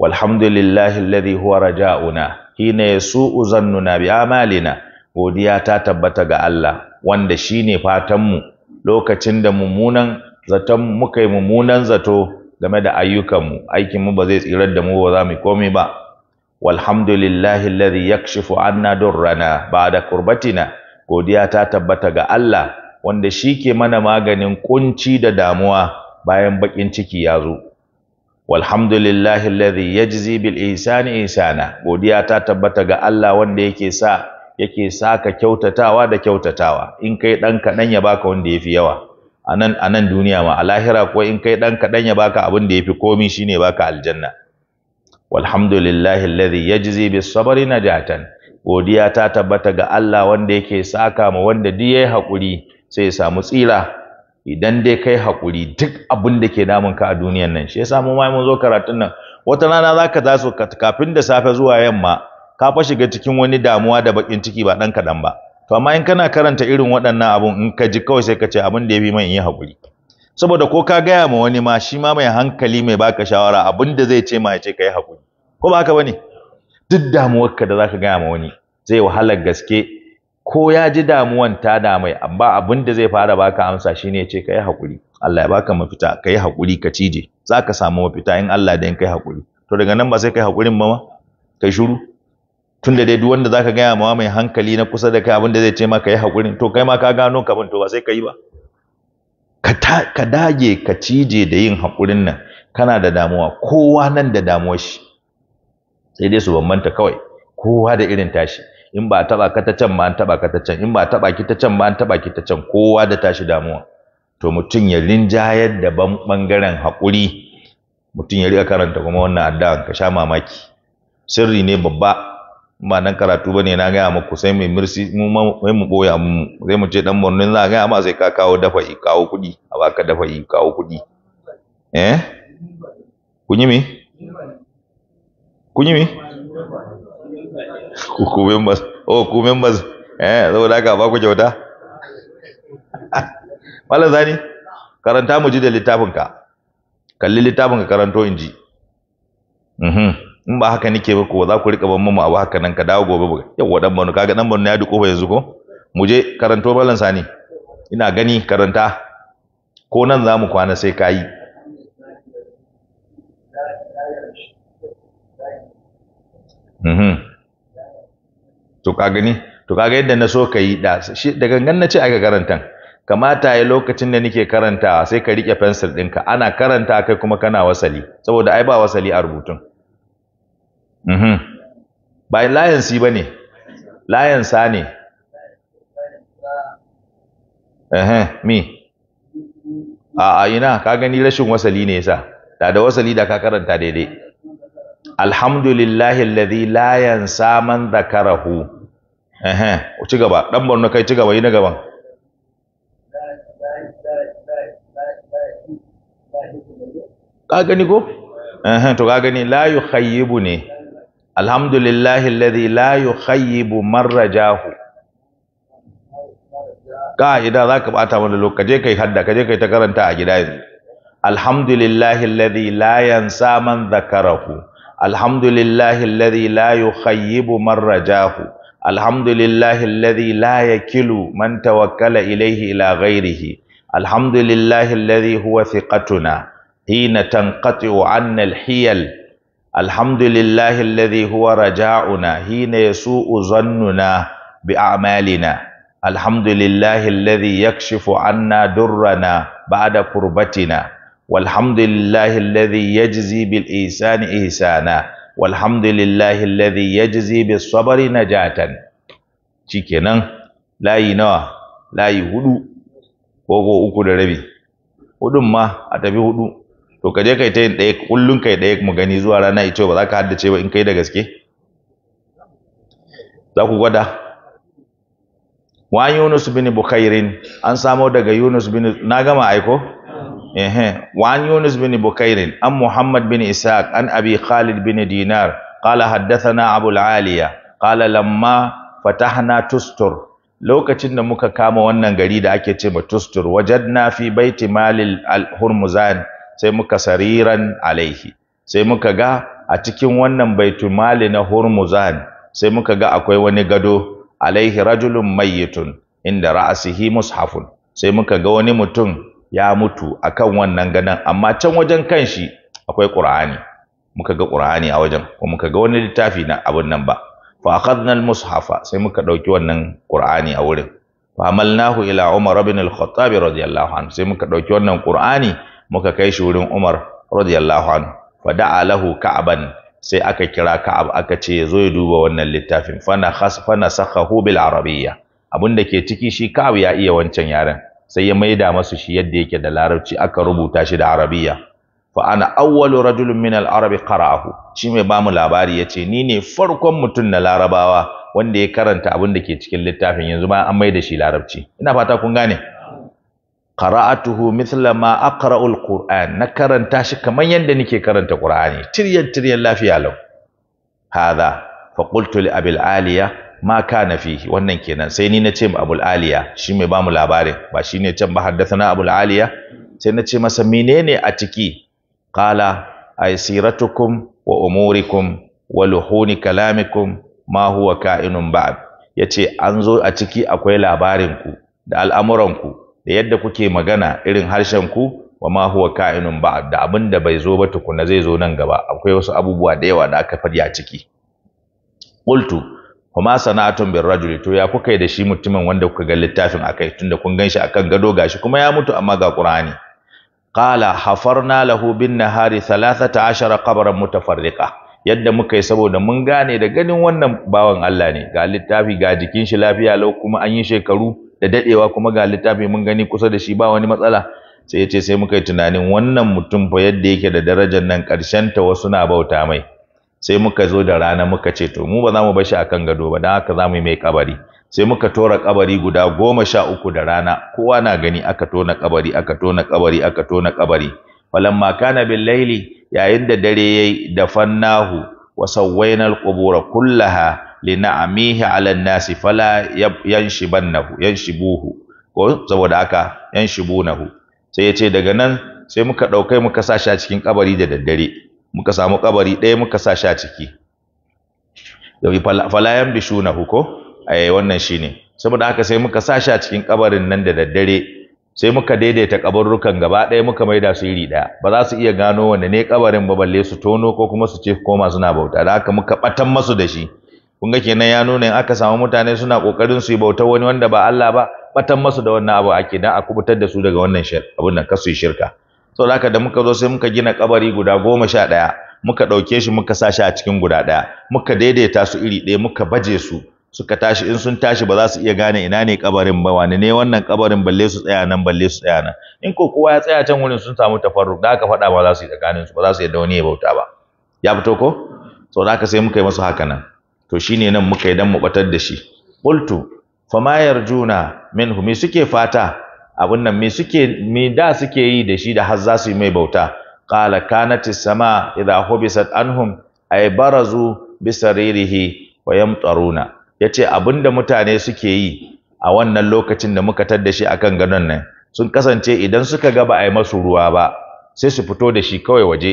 walhamdulillahi alladhi huwa raja'una hina yasu'u zannuna bi amalina godiya ta tabbata ga Allah wanda shi shine fatanmu lokacin da mummunan zaton muka yi mummunan zato game da ayyukanmu aikinmu ba zai tsirar da mu ba za mu komai ba walhamdulillahi alladhi yakshifu anna durrana ba'da qurbatina godiya ta tabbata ga Allah wanda shi ke mana maganin kunci da damuwa bayan bakin ciki ya zo walhamdulillahi alladhi yajzi bil ihsani ihsana godiya ta tabbata ga Allah wanda yake sa yake saka kyautatawa da kyautatawa in kai dan kadan ya baka wanda yafi yawa anan anan duniya ma a lahira ko in kai dan kadan ya baka abin da yafi komai shine baka aljanna walhamdulillahi alladhi yajzi bis sabri najatan godiya ta tabbata ga Allah wanda yake saka ma wanda duk yayi hakuri sai ya samu tsira idan dai kai hakuri duk abin da ke damun ka a duniyar nan shi yasa mu ma mun zo karatun nan wata rana zaka taso kafin da safe zuwa yamma ka fa shiga cikin wani damuwa da bakin ciki ba dan kadan ba to amma in kana karanta irin waɗannan abun in ka ji kawai sai ka ce abin da ya bi mai yi hakuri. saboda ko ka gaya ma wani ma shi ma mai hankali mai baka shawara abin da zai ce ma ya ce ka yi haƙuri ko ba haka bane duk damuwarka da zaka gaya ma wani zai wahalar gaske ko ya ji damuwan ta damai amma abin da zai fara baka amsa shine ya ce ka yi haƙuri Allah ya baka mafita ka yi haƙuri ka cije za ka samu mafita in Allah da in kai hakuri. to daga nan ba sai kai haƙurin ba ma kai shiru tunda dai duk wanda zaka gaya ma mai hankali na kusa da kai abin da zai ce maka yi hakurin to kai ma ka gano ka bin to ba sai ka yi ba ka dage ka cije da yin hakurin nan kana da damuwa kowa nan da damuwar shi sai dai su bambanta kawai kowa da irin tashi in ba taba ka ta can ma an taba ka ta can in ba taba ki ta can ma an taba ki ta can kowa da tashi damuwa to mutum ya linjayar da bangaren hakuri mutum ya riƙa karanta kuma wannan addu'a ka sha mamaki sirri ne babba ba nan karatu bane na gaya muku sai mai mirsi mu mai mu boya mu sai mu ce dan Borno za ga ma sai ka kawo dafa yi kawo kudi a baka dafa yi kawo kudi eh kun yi me kun yi me *laughs* ku members oh ku members eh saboda haka ba ku kyauta *laughs* malam zani karanta mu ji da littafin ka kalli littafin ka karanto in ji mhm in ba haka nake ba ko za ku rika ban mamu abu haka nan ka dawo gobe ba yawa dan Borno kaga dan Borno ya duko ba yanzu ko mu je karanto balan sani ina gani karanta ko nan za mu kwana sai ka yi mhm. to ka gani to kaga yadda na so ka yi da da gangan na ce ga karantan kamata ya lokacin da nake karantawa sai ka rike fensir ɗinka ana karanta kai kuma kana wasali saboda ai ba wasali a rubutun Mm-hmm. ba layan si ba ne layan sa ne mi a ina ka gani rashin wasali ne yasa da da wasali da ka karanta daidai alhamdulillahi alladhi la yansa man dhakarahu eh ci gaba dan Borno kai ci gaba yi na gaban ka gani ko eh to ka gani la yukhayyibu ne alhamdulillahi alladhi la yukhayyibu marrajahu ka'ida zaka ɓata mana lokaci kai hadda kaje kai ta karanta a gida yanzu alhamdulillahi alladhi la yansa man dhakarahu alhamdulillahi alladhi la yukhayyibu marrajahu alhamdulillahi alladhi la yakilu man tawakkala ilaihi ila ghairihi alhamdulillahi alladhi huwa thiqatuna hina tanqati'u 'anna al-hiyal alhamdulillahi alladhi huwa raja'una hina yasu'u zannuna bi a'malina alhamdulillahi alladhi yakshifu anna durrana ba'da qurbatina walhamdulillahi alladhi yajzi bil ihsani ihsana walhamdulillahi alladhi yajzi bis sabri najatan shikenan layi nawa layi hudu ko uku da rabi hudun ma a tafi huɗu. to ka je kai ta yin ɗaya kullum kai ɗaya mu gani zuwa rana ito ba za ka haddace ba in kai da gaske za ku gwada wani yunus bin bukairin an samo daga yunus bin na gama aiko ehe wani yunus bin bukairin an muhammad bin isaac an abi khalid bin dinar قال حدثنا أبو العالية قال لما فتحنا tustur. lokacin da muka kama wannan gari da ake ce ma tustur na fi baiti malil al sai muka sariran alaihi sai muka ga a cikin wannan baitul mali na hurmuzan sai muka ga akwai wani gado alaihi rajulun mayyitun inda ra'asihi mushafun sai muka ga wani mutum ya mutu akan wannan gadan amma can wajen kanshi akwai qur'ani muka ga qur'ani a wajen ko muka ga wani littafi na abun nan ba fa akhadna al-mushafa sai muka dauki wannan qur'ani a wurin fa amalnahu ila umar ibn al-khattab radiyallahu anhu sai muka dauki wannan qur'ani muka kai shi wurin Umar radiyallahu anhu fa da'a lahu ka'ban sai aka kira ka'ab aka ce zo ya duba wannan littafin fa na khas fa bil arabiyya abinda ke ciki shi ka'ab ya iya wancan yaren sai ya maida masu shi yadda yake da larabci aka rubuta shi da arabiyya fa ana awwalu rajulin min al arabi qara'ahu shi mai bamu labari yace ni ne farkon mutum na larabawa wanda ya karanta abin da ke cikin littafin yanzu ma an maida shi larabci ina fata kun gane qara'atuhu mithla ma aqra'ul qur'an na karanta shi kaman yanda nake karanta qur'ani tiryan tiryan lafiya lau hadha fa qultu li abil aliya ma kana fihi wannan kenan sai ni nace ma abul aliya shi mai bamu labarin ba shine can ba haddathana abul aliya sai nace masa menene a ciki qala ay siratukum wa umurikum wa luhuni kalamikum ma huwa ka'inun ba'd yace an zo a ciki akwai labarin ku da al'amuran ku da yadda kuke magana irin harshen ku wa ma huwa ka'inun ba da abin da bai zo ba tukuna zai zo nan gaba akwai wasu abubuwa da yawa da aka fadi a ciki qultu kuma sana'atun bir rajul to ya kuka yi da shi mutumin wanda kuka ga littafin akai tunda kun ganshi akan gado gashi kuma ya mutu amma ga qur'ani qala hafarna lahu bin nahari 13 qabran mutafarriqa yadda muka yi saboda mun gane da ganin wannan bawan Allah ne ga littafi ga jikin shi lafiya lau kuma an yi shekaru da dadewa kuma ga littafi mun gani kusa da shi ba wani matsala sai ya ce sai muka yi tunanin wannan mutum fa yadda yake da darajar nan ƙarshen ta wasu na bauta mai sai muka zo da rana muka ce to mu ba za mu bashi shi akan gado ba dan haka za mu yi mai kabari sai muka tora kabari guda goma sha uku da rana kowa na gani aka tona kabari aka tona kabari aka tona kabari falamma kana bil laili yayin da dare yayi da fannahu wa sawwaynal qubura kullaha لنعميه على nasi fala ينشبنه ينشبوه ko saboda haka shibunahu sai ya ce daga nan sai muka dauke muka sashi a cikin kabari da daddare muka samu kabari ɗaya muka sashi a ciki yabi fala yambishunahu ko eh wannan shine saboda haka sai muka sashi a cikin kabarin nan da daddare sai muka daidaita kabarrukan gaba ɗaya muka maida su iri ɗaya ba za su iya gano wanne ne kabarin ba balle su tono ko kuma su ce koma suna bauta da haka muka batan masu da shi kun ga kenan ya nuna in aka samu mutane suna kokarin su yi bautar wani wanda ba Allah ba batan masu da wannan abu ake dan a kubutar da su daga wannan shir abun nan kasu shirka saboda haka da muka zo sai muka gina kabari guda goma sha ɗaya muka ɗauke shi muka sa a cikin guda daya muka daidaita su iri daya muka baje su suka tashi in sun tashi ba za su iya gane ina ne kabarin ba wani ne wannan kabarin balle su tsaya nan balle su tsaya nan in ko kowa ya tsaya can wurin sun samu tafarruk da aka faɗa ba za su yi tsakanin su ba za su yadda wani ya bauta ba ya fito ko saboda haka sai muka yi masu haka nan to shine nan muka yi dan mu batar da shi qultu fama yarjuna minhu me suke fata abun nan me suke me da suke yi da shi da har za su yi mai bauta qala kanat sama idha hubisat anhum ay barazu bisaririhi wa yamtaruna yace abinda mutane suke yi a wannan lokacin da muka tar da shi akan ganon nan sun kasance idan suka ga ba a yi masu ruwa ba sai su fito da shi kawai waje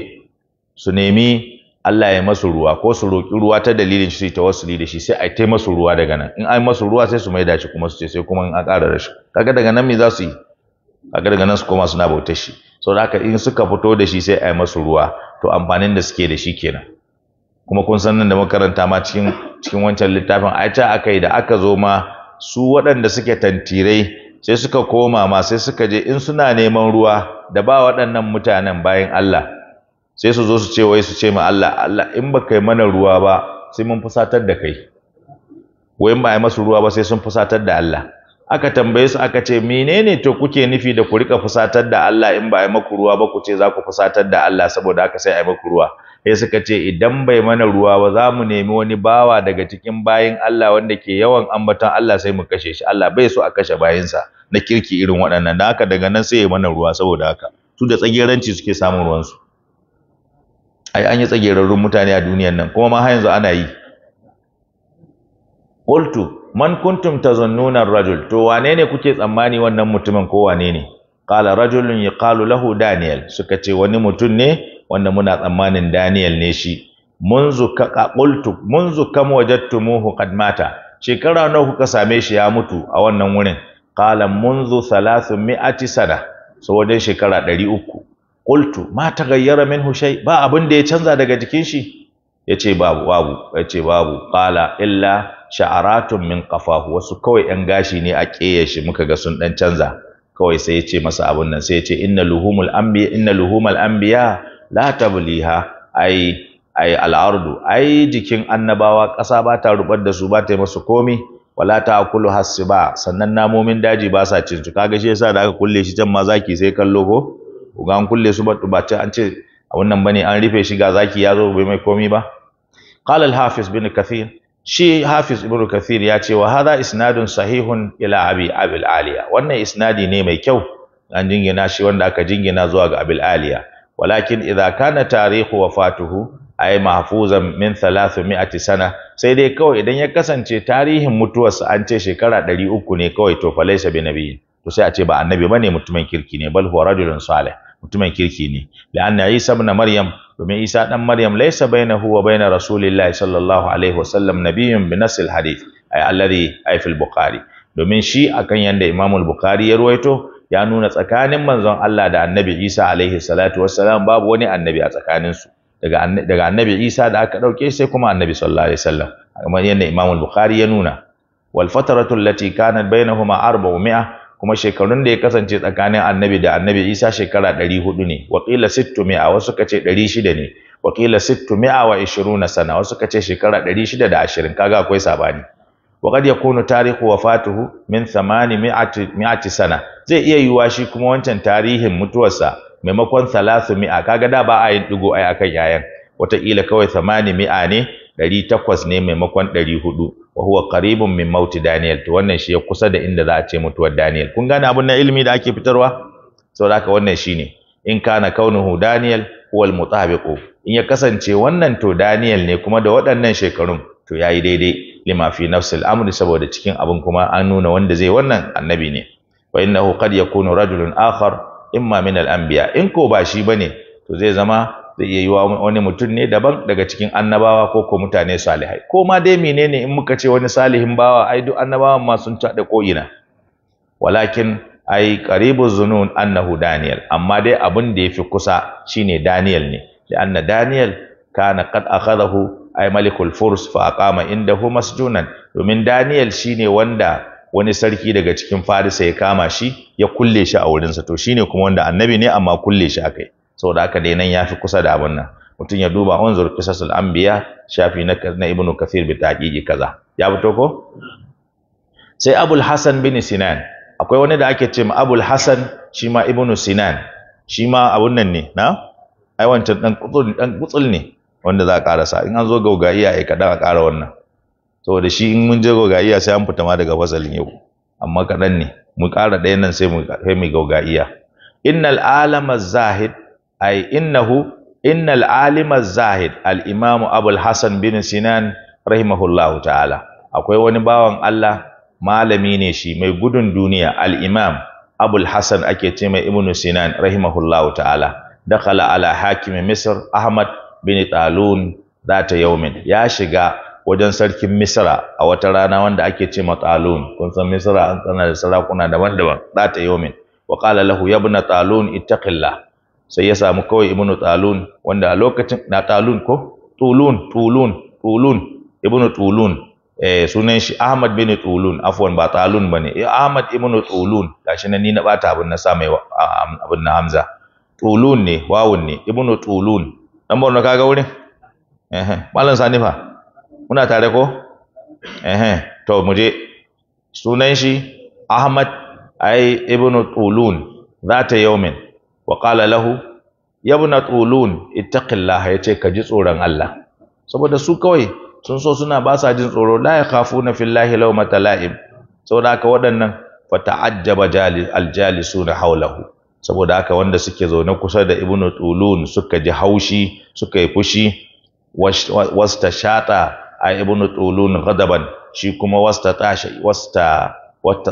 su nemi Allah ya masu ruwa ko su roƙi ruwa ta dalilin shi ta wasu da shi sai a tai masu ruwa daga nan in ai masu ruwa sai su mai dace kuma su ce sai kuma in ƙara da shi kaga daga nan me za su yi kaga daga nan su koma suna bautar shi saboda haka in suka fito da shi sai ai masu ruwa to amfanin da suke da shi kenan kuma kun san nan da makaranta ma cikin wancan littafin ai ta aka da aka zo ma su waɗanda suke tantirai sai suka koma ma sai suka je in suna neman ruwa da ba waɗannan mutanen bayan Allah sai su zo su ce wai su ce ma Allah Allah in ba kai mana ruwa ba sai mun fusatar da kai wai ba ai masu ruwa ba sai sun fusatar da Allah aka tambaye su aka ce menene to kuke nufi da ku rika fusatar da Allah in ba ai maku ruwa ba ku ce za ku fusatar da Allah saboda aka sai ai maku ruwa sai suka ce idan bai mana ruwa ba za mu nemi wani bawa daga cikin bayin Allah wanda ke yawan ambaton Allah sai mu kashe shi Allah bai so a kashe bayinsa na kirki irin waɗannan da haka daga nan sai ya mana ruwa saboda haka su da tsagiranci suke samun ruwansu ai an yi tsagerarrun mutane a duniyan nan kuma ma har yanzu ana yi qultu man kuntum tazannuna ar-rajul to wane ne kuke tsammani wannan mutumin ko wane ne qala rajulun yaqalu lahu daniel suka ce wani mutum ne wanda muna tsammanin daniel ne shi munzu ka qultu munzu kam wajadtumuhu qad mata shekara nawa kuka same shi ya mutu a wannan wurin qala munzu 300 sana so wajen shekara 300 Ƙultu, ma gayyaramin hushai. ba abin da ya canza daga jikin shi yace babu babu babu Ƙala. illa sha'aratun min qafahu wasu kawai yan gashi ne a keye shi muka ga sun ɗan canza kawai sai ce masa abin nan sai yace inna luhumul anbiya inna luhumal anbiya la biliha. ai ai al'ardu ai jikin annabawa ƙasa ba ta rubar da su ba ta yi masu komi wala ta akulu ba, sannan namomin daji ba sa cin su kaga shi sa da aka kulle shi can ma zaki sai kallo ko ga an kulle su ba ce an ce a wannan bane an rufe shi ga zaki ya zo bai mai komi ba qala al hafiz bin kathir shi hafiz ibn kathir ya ce wa hadha isnadun sahihun ila abi abil aliya wannan isnadi ne mai kyau an jingina shi wanda aka jingina zuwa ga abil aliya walakin idza kana tarihu wafatuhu ay mahfuzan min 300 sana sai dai kawai idan ya kasance tarihin mutuwarsa an ce shekara 300 ne kawai to falaisa bi nabiyyin to sai a ce ba annabi bane mutumin kirki ne bal huwa rajulun salih mutumin kirki ne la'anna isa ibn maryam domin isa dan maryam laysa bainahu wa bain rasulillahi sallallahu alaihi wa wasallam nabiyyun bi nasil hadith ay alladhi ay fil bukhari domin shi akan yanda imam al-bukhari ya ruwaito ya nuna tsakanin manzon Allah da annabi isa alaihi salatu wassalam babu wani annabi a tsakanin su daga daga annabi isa da aka dauke sai kuma annabi sallallahu alaihi wasallam kamar yanda imam al-bukhari ya nuna wal fataratu allati kanat bainahuma 400 kuma shekarun da ya kasance tsakanin annabi da annabi isa shekara ɗari hudu ne wakila sittu mi'a wasu ka ce ɗari shida ne wakila sittu mi'a wa ishiruna sana wasu ka ce shekara ɗari shida da ashirin kaga akwai sabani وقد wa تاريخ وفاته من ثمانمائة sana zai iya yiwuwa shi kuma wancan tarihin mutuwarsa maimakon salasu mi'a kaga da ba a yin digo ai akan yayan wataƙila kawai samani mi'a ne ɗari takwas ne maimakon ɗari hudu wa huwa qaribun min mauti Daniel to wannan shi ya kusa da inda za a ce mutuwar Daniel kun gane abun na ilimi da ake fitarwa saboda haka wannan shine in kana kaunuhu Daniel huwa mutabiqu in ya kasance wannan to Daniel ne kuma da waɗannan shekarun to yayi daidai lima fi nafsil amri saboda cikin abun kuma an nuna wanda zai wannan annabi ne wa innahu qad yakunu rajulun akhar imma min al-anbiya in ko ba shi bane to zai zama zai iya yiwa wani mutum ne daban daga cikin annabawa ko ko mutane salihai ko ma dai menene in muka ce wani salihin bawa ai duk annabawan ma sun taɗa ko'ina walakin ai qaribu zunun annahu daniel amma dai abin da yafi kusa shine daniel ne da anna daniel kana qad akhadahu ai malikul furs fa aqama indahu masjunan domin daniel shine wanda wani sarki daga cikin farisa ya kama shi ya kulle shi a wurinsa to shine kuma wanda annabi ne amma kulle shi akai saboda haka dai nan yafi kusa da abin nan mutum ya duba unzur qisasul anbiya shafi na na ibnu kathir bi taqiqi kaza ya fito ko sai abul hasan bin sinan akwai wani da ake ce ma abul hasan shi ma ibnu sinan shi ma abun nan ne na ai wancan dan kutsul dan kutsul ne wanda za a karasa in an zo gaugaiya ai kadan a kara wannan saboda shi in mun je gaugaiya sai an fita ma daga fasalin yau amma kadan ne mu kara ɗayan nan sai mu kai mu gaugaiya innal alama zahid ai innahu innal alima zahid al imamu abul hasan bin sinan rahimahullahu ta'ala akwai wani bawan Allah malami ne shi mai gudun duniya al-imam abul ake ce mai ibnu sinan rahimahullahu ta'ala dakhala ala hakim misr ahmad bin ta zata yaumin ya shiga wajen sarkin misra a wata rana wanda ake ce ma talun kun misra an tsana da sarakuna daban-daban zata yaumin wa qala lahu ya ibn ita ittaqillah sai ya samu kawai ibnu talun wanda a lokacin na talun ko tulun tulun tulun ibnu tulun eh sunan shi Ahmad bin Tulun afwan ba Talun bane eh Ahmad ibn Tulun gashi nan ni na bata abun na sa mai abun na Hamza Tulun ne wawun ne ibn Tulun dan Borno kaga wurin eh eh mallan Sanifa muna tare ko eh eh to mu je sunan shi Ahmad ai ibn Tulun zata yaumin Waƙala lahu ya ibn tulun ittaqillaha yace ka ji tsoron Allah saboda su kawai sun so suna ba sa jin tsoro la yakhafuna fillahi lawmata la'im saboda haka waɗannan fata'ajjaba jali aljalisuna haulahu saboda haka wanda suke zaune kusa da ibnu tulun suka ji haushi suka yi fushi wastashata a ibnu tulun ghadaban shi kuma wasta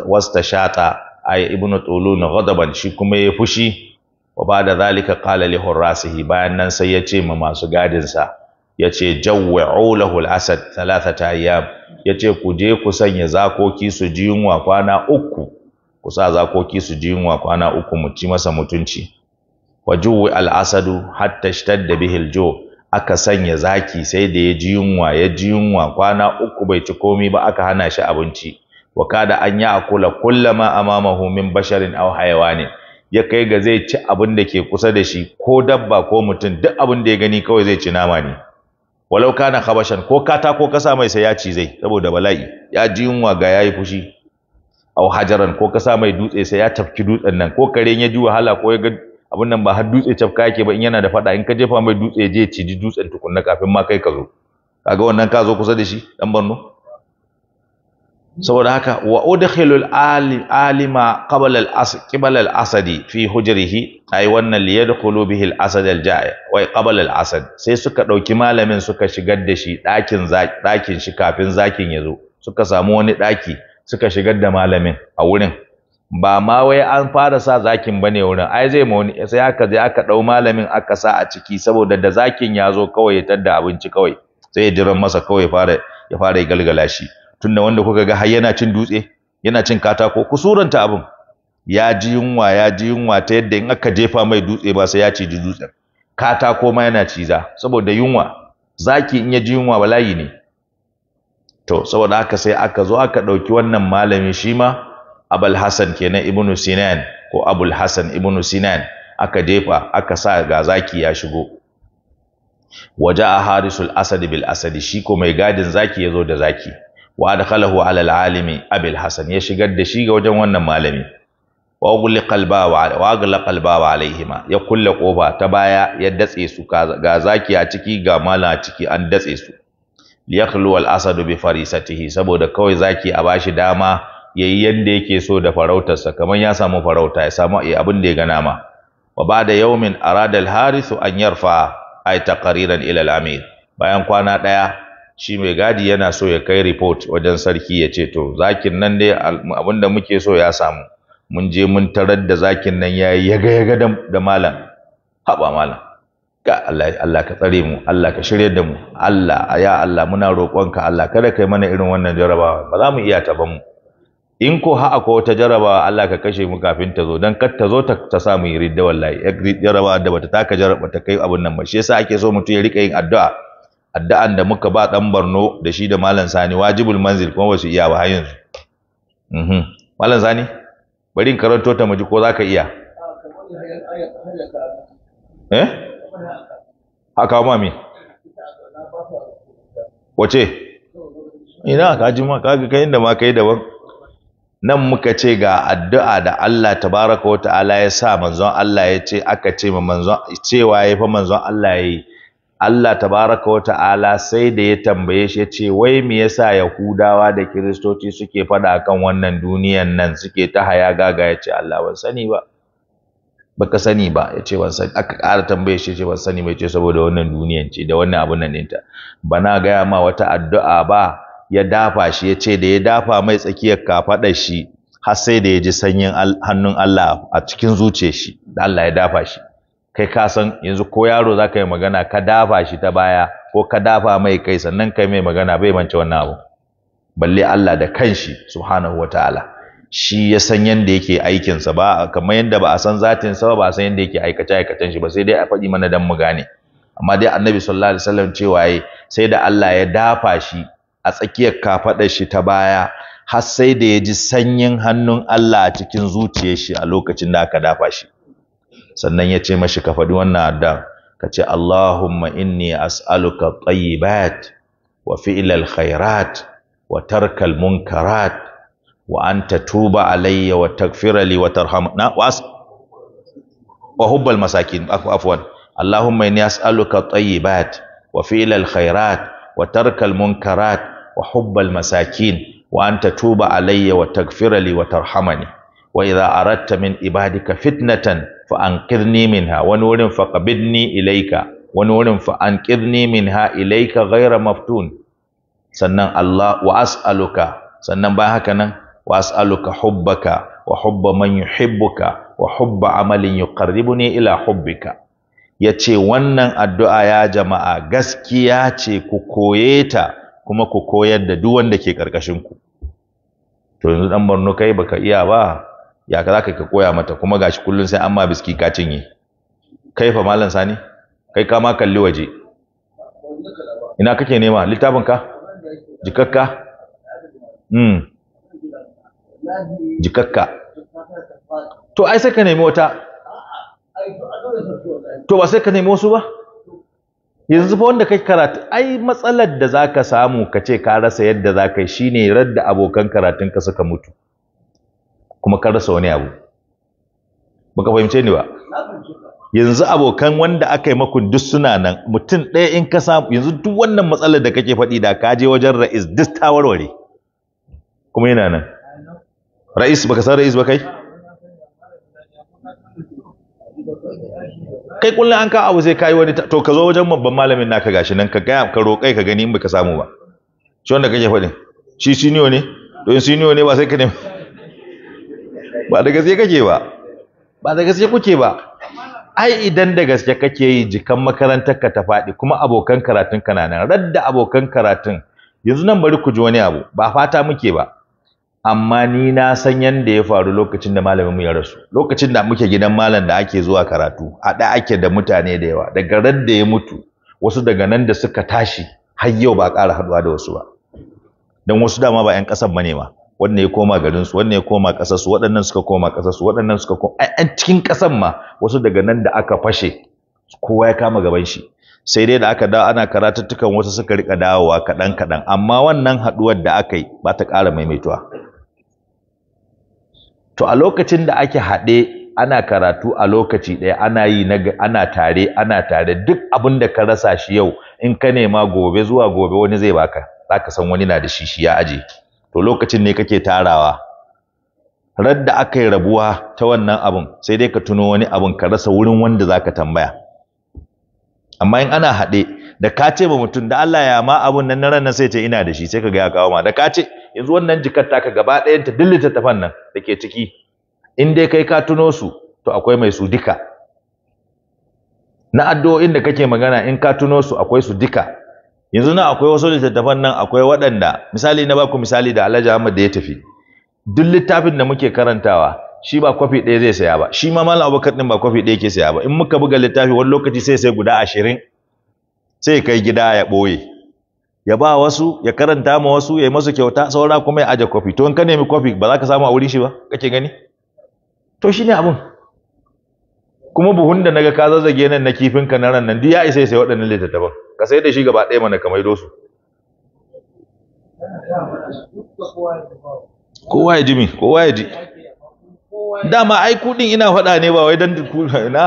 wastashata a ibnu tulun ghadaban shi kuma ya fushi wa ba da zalika qala li hurrasihi bayan nan sai ya ce ma masu gadin sa yace jawwa'u talata al-asad thalathata Ya yace ku je ku sanya zakoki su ji yunwa kwana uku ku sa zakoki su ji yunwa kwana uku mu ci masa mutunci wa juwi al-asadu hatta ishtadda da al aka sanya zaki sai da ya ji yunwa ya ji yunwa kwana uku bai ci komi ba aka hana shi abinci wa kada an ya akula ma amamahu min basharin aw hayawanin ya kai ga zai ci abin da ke kusa da shi ko dabba ko mutum duk abin da ya gani kawai zai ci nama ne walau kana habashan ko katako kasa mai sai ya ci zai saboda bala'i ya ji yunwa ga yayi fushi au hajaran ko kasa mai dutse sai ya tafki dutsen nan ko karen ya ji wahala ko ya ga abin nan ba har dutse tafka yake ba in yana da fada in ka jefa mai dutse je ci dutsen tukunna kafin ma kai ka zo kaga wannan ka zo kusa da shi dan barno saboda haka wa udkhilul alima qabla al as qibla al-asadi fi hujrihi ay wannan li yadkhulu bihi al-asad al-ja'i wa qabla al-asad sai suka dauki malamin suka shigar da shi dakin dakin shi kafin zakin ya zo suka samu wani daki suka shigar da malamin a wurin ba ma wai an fara sa zakin bane wurin ai zai ma wani sai aka je aka dau malamin aka sa a ciki saboda da zakin ya zo kawai ya tadda abinci kawai sai ya jiran masa kawai fara ya fara galgala shi tunda wanda kuka ga har yana cin dutse yana cin katako ku suranta abin ya ji yunwa ya ji yunwa ta yadda in aka jefa mai dutse ba sai ya ciji dutsen katako ma yana ciza saboda yunwa zaki in ya ji yunwa bala'i ne to saboda haka sai aka zo aka ɗauki wannan malami shi ma abul hasan kenan ibnu sinan ko abul hasan ibnu sinan aka jefa aka sa ga zaki ya shigo waja a harisul asadi bil asadi shi ko mai gadin zaki ya zo da zaki wa adkhalahu ala al-alimi al hasan ya shigar da shi ga wajen wannan malami wa aghlaqa al-bawa wa aghlaqa al alaihima ya kulle kofa ta baya ya datse su ga zaki a ciki ga mala a ciki an datse su yakhlu al-asad bi farisatihi saboda kawai zaki a bashi dama yayi yanda yake so da farautarsa kamar ya samu farauta ya samu abin da ya gana ma wa ba'da yawmin arada al-harisu an yarfa ay taqariran ila al-amir bayan kwana daya shi mai gadi yana so ya kai report wajen sarki ya ce to zakin nan dai abinda muke so ya samu mun je mun tarar da zakin nan ya yi yaga yaga da malam haɓa malam ga Allah ka tsare mu Allah ka shirya da mu Allah ya Allah muna roƙonka Allah kada kai mana irin wannan jarabawa ba za mu iya ta ba mu in ko ha akwai wata jarabawa Allah ka kashe mu kafin ta zo dan kar ta zo ta, sa mu yi ridda wallahi jarabawa da bata taka jarabawa ta kai abun nan ba shi yasa ake so mutum ya rika yin addu'a addu'an da muka ba dan Borno da shi da Malam Sani wajibul manzil kuma wasu iya ba har yanzu mhm Malam Sani bari in karanto ta muji ko zaka iya eh haka ma me wace ina ka ji ma kaga kai inda ma kai daban nan muka ce ga addu'a da Allah tabaraka wa ta'ala ya sa manzon Allah ya ce aka ce ma manzon cewa ya fa manzon Allah ya yi Allah tabaraka wa ta'ala sai da ya tambaye shi ce wai me yasa yahudawa da kiristoci suke fada akan wannan duniyan nan suke ta haya gaga ya ce Allah ban sani ba baka sani ba ya ce ban sani aka ƙara tambaye shi ya ce ban sani ba ya ce saboda wannan duniyan ce da wannan abun nan ɗinta bana gaya ma wata addu'a ba ya dafa shi ya ce da ya dafa mai tsakiyar kafaɗar shi har sai da ya ji sanyin hannun Allah a cikin zuciyar shi da Allah ya dafa shi kai ka san yanzu ko yaro za ka yi magana ka dafa shi ta baya ko ka dafa mai kai sannan kai mai magana bai mance wannan abu balle Allah da kanshi subhanahu wa ta'ala shi ya san yanda yake aikinsa ba kamar yanda ba a san zatin sa ba a san yanda yake aikata-aikatan shi ba sai dai a faɗi mana dan mu gane amma dai annabi sallallahu alaihi wasallam cewa yayi sai da Allah ya dafa shi a tsakiyar kafaɗar shi ta baya har sai da ya ji sanyin hannun Allah a cikin zuciyar shi a lokacin da aka dafa shi sannan ya ce mashi ka faɗi wannan addu'a ka ce Allahumma inni as'aluka tayyibat wa fi'lal khairat wa tarkal munkarat wa an tuba alayya wa taghfira li wa tarhamna wa as wa hubbal masakin afwan Allahumma inni as'aluka tayyibat wa fi'lal khairat wa tarkal munkarat wa hubbal masakin wa an tatuba alayya wa taghfira li wa tarhamani wa idza aradta min ibadika fitnatan fa anqidni minha wani wurin fa qabidni ilayka wani wurin fa anqidni minha ilayka ghayra maftun sannan Allah wa as'aluka sannan bayan haka nan wa as'aluka hubbaka wa hubba man yuhibbuka wa hubba amalin yuqarribuni ila hubbika yace wannan addu'a ya jama'a gaskiya ce ku koye ta kuma ku koyar da duk wanda ke karkashin ku to yanzu dan barno kai baka iya ba ya ka zaka ka koya mata kuma gashi kullun sai an ma biski ka cinye kai fa malam sani kai ka ma kalli waje ina kake nema littafin ka jikakka mm jikakka to ai sai ka nemi wata to ba sai ka nemi wasu ba yanzu fa wanda kake karatu ai matsalar da zaka samu ka ce ka rasa yadda zaka yi shine radda abokan karatunka suka mutu kuma ka rasa wani abu baka fahimce ni ba yanzu abokan wanda aka yi makun duk suna nan mutum ɗaya in ka samu yanzu duk wannan matsalar da kake faɗi da ka je wajen ra'is duk ta warware kuma yana nan ra'is baka san ra'is ba kai kai kullum an ka abu sai kai wani to ka zo wajen babban malamin naka gashi nan ka gaya ka roƙai ka gani in baka samu ba shi wanda kake faɗin shi senior ne to in senior ne ba sai ka nemi ba da gaske kake ba ba da gaske kuke ba ai idan da gaske kake yi jikan makarantar ka ta faɗi kuma abokan karatun ka na nan radda abokan karatun yanzu nan bari ku ji wani abu ba fata muke ba amma ni na san yanda ya faru lokacin da malamin mu ya rasu lokacin da muke gidan malam da ake zuwa karatu haɗa ake da mutane da yawa daga radda ya mutu wasu daga nan da suka tashi har yau ba ƙara haɗuwa da wasu ba don wasu dama ba 'yan ƙasar ba ma wannan ya koma garin wannan ya koma kasar waɗannan suka koma kasar waɗannan suka koma a cikin kasan ma wasu daga nan da aka fashe kowa ya kama gaban shi sai dai da aka dawo ana karatuttukan wasu suka rika dawowa kaɗan kaɗan amma wannan haɗuwar da aka yi ba ta ƙara maimaituwa to a lokacin da ake haɗe ana karatu a lokaci ɗaya ana yi ana tare ana tare duk abin da ka rasa shi yau in ka nema gobe zuwa gobe wani zai baka zaka san wani na da shi shi ya aje to lokacin ne kake tarawa radda aka yi rabuwa ta wannan abun sai dai ka tuno wani abun ka rasa wurin wanda za ka tambaya amma in ana haɗe da ka ce ba mutum da Allah ya ma abun nan na ranar sai ce ina da shi sai ka ga ya kawo ma da ka ce yanzu wannan jikar ka gaba ɗayan ta dillita tafan nan da ke ciki in dai kai ka tuno su to akwai mai su duka na addu'o'in da kake magana in ka tuno su akwai su duka yanzu nan akwai wasu littattafan nan akwai waɗanda misali na baku misali da Alhaji Ahmad da ya tafi duk littafin da muke karantawa shi ba kwafi ɗaya zai saya ba shi ma Malam Abubakar din ba kwafi ɗaya yake saya ba in muka buga littafi wani lokaci sai sai guda ashirin sai kai gida ya ɓoye ya ba wasu ya karanta ma wasu ya yi masu kyauta saura kuma ya aje kwafi to in ka nemi kwafi ba za ka samu a wurin shi ba kake gani to shi ne abun kuma buhun da naga ka zazzage nan na kifinka na ran nan duk ya isa sai waɗannan littattafan ka sai da shi gaba ɗaya mana kamar dosu kowa ya ji min kowa ya ji dama ai kudin ina faɗa ne ba wai dan na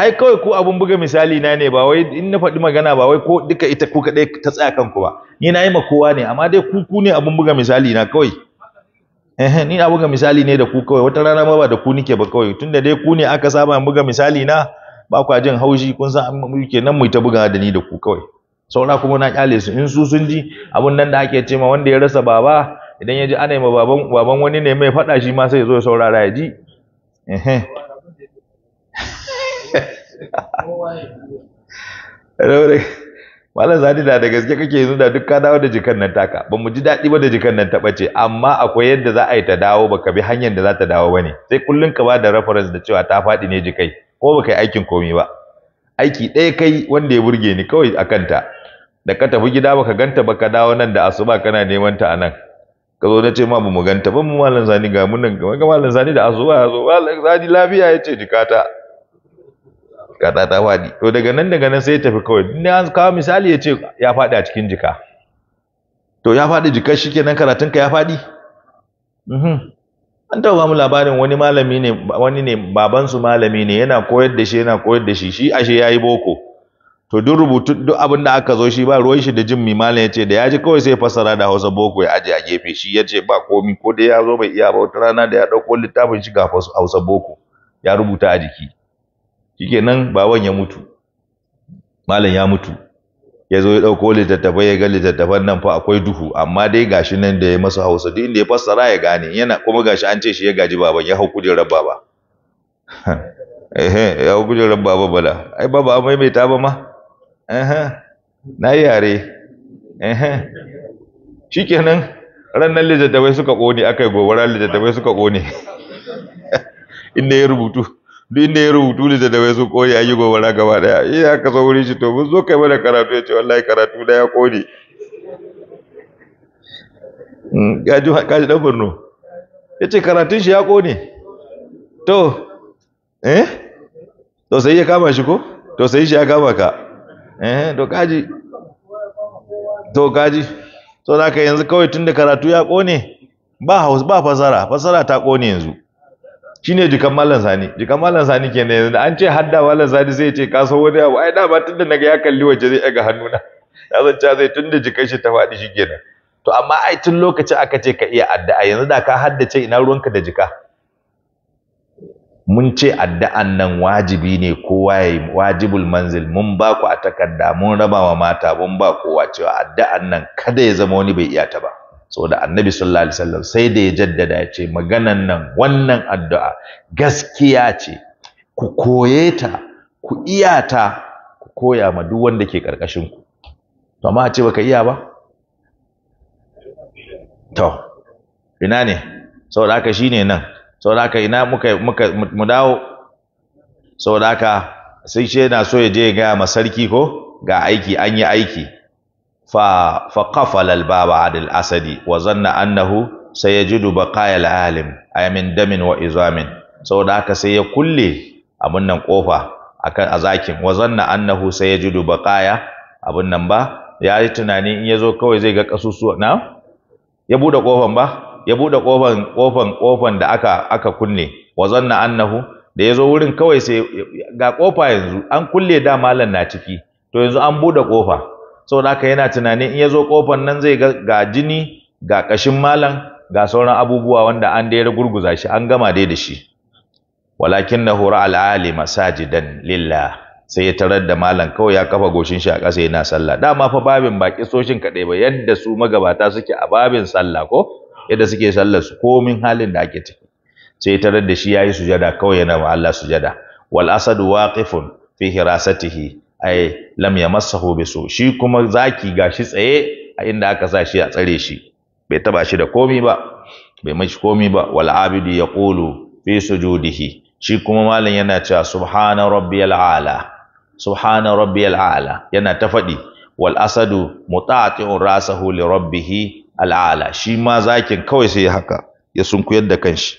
ai kawai ku abun buga misali na ne ba wai in na faɗi magana ba wai ko duka ita ku kaɗai ta tsaya kanku ba ni na yi ma kowa ne amma dai ku ku ne abun buga misali na kawai eh ni abun buga misali ne da ku kawai wata rana ma ba da ku nike ba kawai tunda dai ku ne aka saba buga misali na ba kwa jin haushi kun san mu ke nan mu ta buga da ni da ku kawai saura kuma na kyale su in su sun ji abun nan da ake ce ma wanda ya rasa baba idan ya ji ana yi ma baban baban wani ne mai faɗa shi ma sai ya zo ya saurara ya ji *laughs* Malam Sadi da da gaske kake yanzu da duk ka dawo da jikan nan taka ba mu ji daɗi ba da jikan nan ta ɓace amma akwai yadda za a yi ta dawo ba, ka bi hanyar da za ta dawo ba ne sai kullum ka ba da reference da cewa ta faɗi ne jikai ko baka yi aikin komai ba aiki ɗaya kai wanda ya burge ni kawai a kanta da ka tafi gida baka ganta ba ka dawo nan da asuba kana neman ta a nan ka zo na ce ma ba mu ganta ba mu malam zani ga mun nan ga malam zani da asuba ya zo malam zani lafiya ya ce jikata jikata ta faɗi to daga nan daga nan sai ya tafi kawai in an kawo misali ya ce ya faɗi a cikin jika to ya faɗi jikar shi kenan karatunka ya faɗi mhm. an taɓa mu labarin wani malami ne wani ne babansu malami ne yana koyar da shi yana koyar da shi shi ashe yayi boko to duk rubutu duk abin da aka zo shi ba ruwan shi da jin mi malam ce. da ji kawai sai fassara da Hausa boko ya aje a gefe shi yace ba komi ko dai ya zo bai iya ba wata rana da ya ɗauko littafin shi ga Hausa boko ya rubuta a jiki shikenan baban ya mutu malam ya mutu ya zo ya ɗauko littattafai ya ga littattafan nan fa akwai duhu amma dai gashi nan da ya masa hausa duk inda ya fassara ya gane yana kuma gashi an ce shi ya gaji baban ya hau kujerar baba *laughs* ehe ya hau kujerar baba bala ai baba an maimaita ba ma ehe na yi yare ehe shikenan ranar littattafai suka ƙone aka yi gobara littattafai suka ƙone *laughs* inda ya rubutu duk inda ya rubutu littattafai su kone an yi gobara gaba daya eh aka zo wuri shi to mun zo kai mana karatu ya ce wallahi karatu da ya kone ya hmm, ji kaji dan burno ya ce karatun shi ya kone to eh to sai ya kama shi ko to sai shi ya kama ka eh to kaji to kaji to ka yanzu kawai tunda karatu ya kone ba house ba fasara fasara ta kone yanzu shine jikan mallan sani jikan mallan sani kenan yanzu an ce hadda mallan sani zai ce ka wani abu ai da ba tunda naga ya kalli waje zai ga hannuna *laughs* ya zance zai tunda jikan shi ta faɗi shi kenan to amma ai tun lokaci aka ce ka iya addu'a yanzu da ka haddace ina ruwanka da jika mun ce addu'an nan wajibi ne kowa ya wajibul manzil mun ba ku a takarda mun raba wa mata mun ba kowa cewa addu'an nan kada ya zama wani bai iya ta ba da annabi sallallahu alaihi wasallam sai da ya jaddada ya ce maganan nan wannan addu'a gaskiya ce ku koye ta ku iya ta ku koya ma duk wanda ke karkashin ku to amma a ce baka iya ba to ina ne saboda haka shine nan saboda haka ina muka muka mu dawo saboda haka sai shi yana so ya je ya gaya ma sarki ko ga aiki an yi aiki fa الباب albaba adil asadi wa سيجد بقايا العالم baqaya alalim دم min سو wa سي كل haka sai ya kulle وظن nan سيجد بقايا azakin با يا تناني sayajidu baqaya abun nan ba ya yi tunani in yazo kawai zai ga kasusuwa na ya bude kofan ba ya da da yazo wurin kawai sai ga kofa yanzu an kulle da malan na ciki to yanzu an bude kofa saboda haka yana tunanin in ya zo kofar nan zai ga jini ga kashin malam ga sauran abubuwa wanda an da gurguza shi an gama dai da shi walakin na hura al'ali masajidan lillah sai ya tarar da malam kawai ya kafa goshin shi a ƙasa yana sallah dama fa babin ba kisoshin kaɗai ba yadda su magabata suke a babin sallah ko yadda suke sallar su komin halin da ake ciki sai ya tarar da shi yayi sujada kawai yana ma Allah sujada wal asadu waqifun fi hirasatihi ai lam yamassahu bisu shi kuma zaki gashi tsaye a inda aka sa shi a tsare shi bai taba shi da komi ba bai mashi komi ba wal abidu yaqulu fi sujudihi shi kuma malam yana cewa subhana rabbiyal ala subhana rabbiyal ala yana ta faɗi wal asadu muta'atu rasahu li rabbih al ala shi ma zakin kawai sai haka ya sunkuyar da kanshi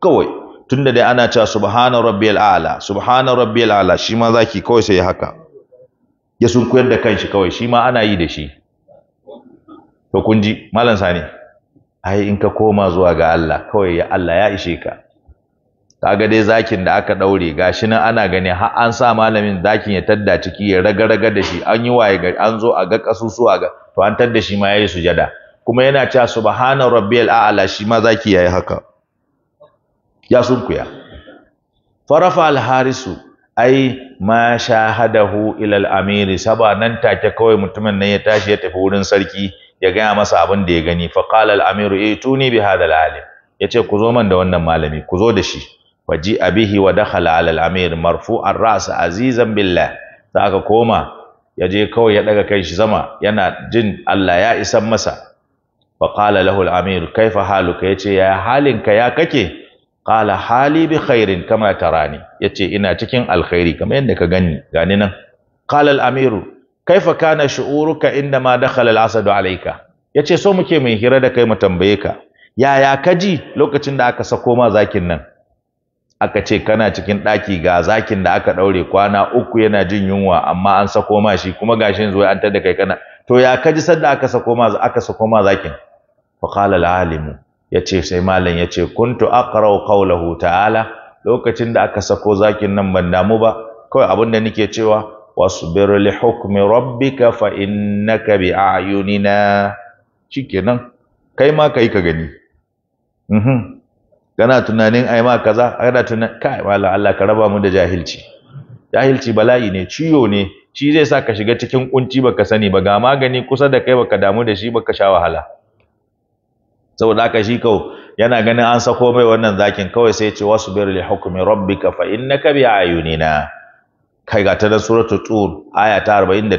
kawai tunda dai ana cewa subhana rabbiyal ala subhana rabbiyal ala shi ma zaki kawai sai haka ya sunkuyar da kanshi kawai shi ma ana yi da shi to kun ji malam sani ai in ka koma zuwa ga Allah kawai ya Allah ya ishe ka kaga dai zakin da aka daure gashi nan ana gani har an sa malamin zakin ya tadda ciki ya ragaraga da shi an yi waye ga an zo a ga kasusuwa ga to an tadda shi ma yayi sujada kuma yana cewa subhana rabbiyal a'la shi ma zaki yayi haka ya sunkuya farafa al harisu ai ma shahadahu ilal amiri saba nan take kawai mutumin nan ya tashi ya tafi wurin sarki ya gaya masa abin da ya gani fa qala al amiru ituni eh, bi hadha al alim yace ku zo man da wannan malami ku zo da shi faji abihi wa dakhala ala al amir marfu'an ra's azizan billah da aka koma ya je kawai ya daga kai shi zama. yana jin Allah ya isan masa fa qala lahu al amir kaifa haluka yace ya halinka ya kake Kala hali bi khairin kama tarani yace ina cikin alkhairi kama yadda ka gani gani nan Kala al amiru kaifa kana shu'uruka inda ma dakhala al asadu alayka yace so muke mai hira da kai mu tambaye ka yaya ka lokacin da aka sakoma zakin nan aka ce kana cikin ɗaki ga zakin da aka ɗaure kwana uku yana jin yunwa amma an sakoma shi kuma gashin yanzu an tada kai kana to ya kaji sanda aka sakoma zakin fa al alimu ya ce sai malam ya ce kuntu aqra'u qawlahu ta'ala lokacin da aka sako zakin nan ban damu ba kawai abin da nake cewa wasbir li hukmi rabbika fa innaka bi ayunina shikenan kai ma kai ka gani mhm kana tunanin ai ma kaza kana tunanin kai malam Allah ka raba mu da jahilci jahilci bala'i ne ciwo ne shi zai sa ka shiga cikin kunci baka sani ba ga magani kusa da kai baka damu da shi baka sha wahala saboda haka shi kau yana ganin an sako mai wannan zakin kawai sai ce wasu bir li hukmi rabbika fa innaka bi ayunina kai ga ta da suratu tur aya ta 48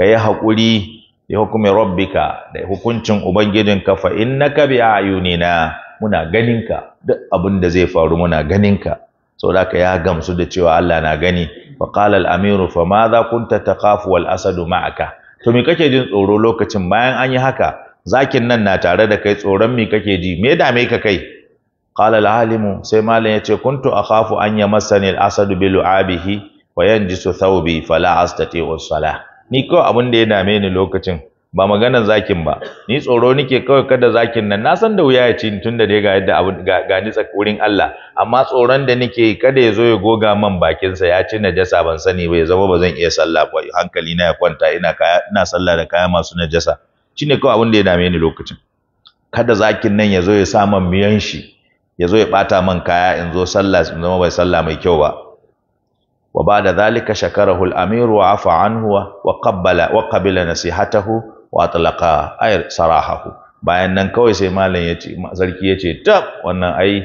kai hakuri li hukmi rabbika da hukuncin ubangijinka fa innaka bi ayunina muna ganinka duk abin da zai faru muna ganinka saboda haka ya gamsu da cewa Allah na gani fa qala al amiru fa madha kunta taqafu wal asadu ma'aka to me kake jin tsoro lokacin bayan an yi haka zakin nan na tare da kai tsoron mi kake ji me dame ka kai qala al-alimu sai malam yace kuntu akhafu an yamassani al-asadu bil abihi wa yanjisu thawbi fala astati as-salah ni ko abun da ya dame ni lokacin ba maganan zakin ba ni tsoro nike kawai kada zakin nan na san da wuya ya ci tun da dai ga yadda abin ga ni wurin Allah amma tsoron da nike kada ya zo ya goga man bakin sa ya ci najasa ban sani ba ya zama ba zan iya sallah ba hankali na ya kwanta ina ina sallah da kaya masu najasa shine kawai abin da ya dame ni lokacin kada zakin nan ya zo ya sa man miyan shi ya zo ya bata man kaya in zo sallah in zama bai sallah mai kyau ba wa da zalika shakarahu al-amir wa afa anhu wa qabbala wa qabila nasihatahu wa atlaqa ay sarahahu bayan nan kawai sai malam ya ce sarki ya ce tab wannan ai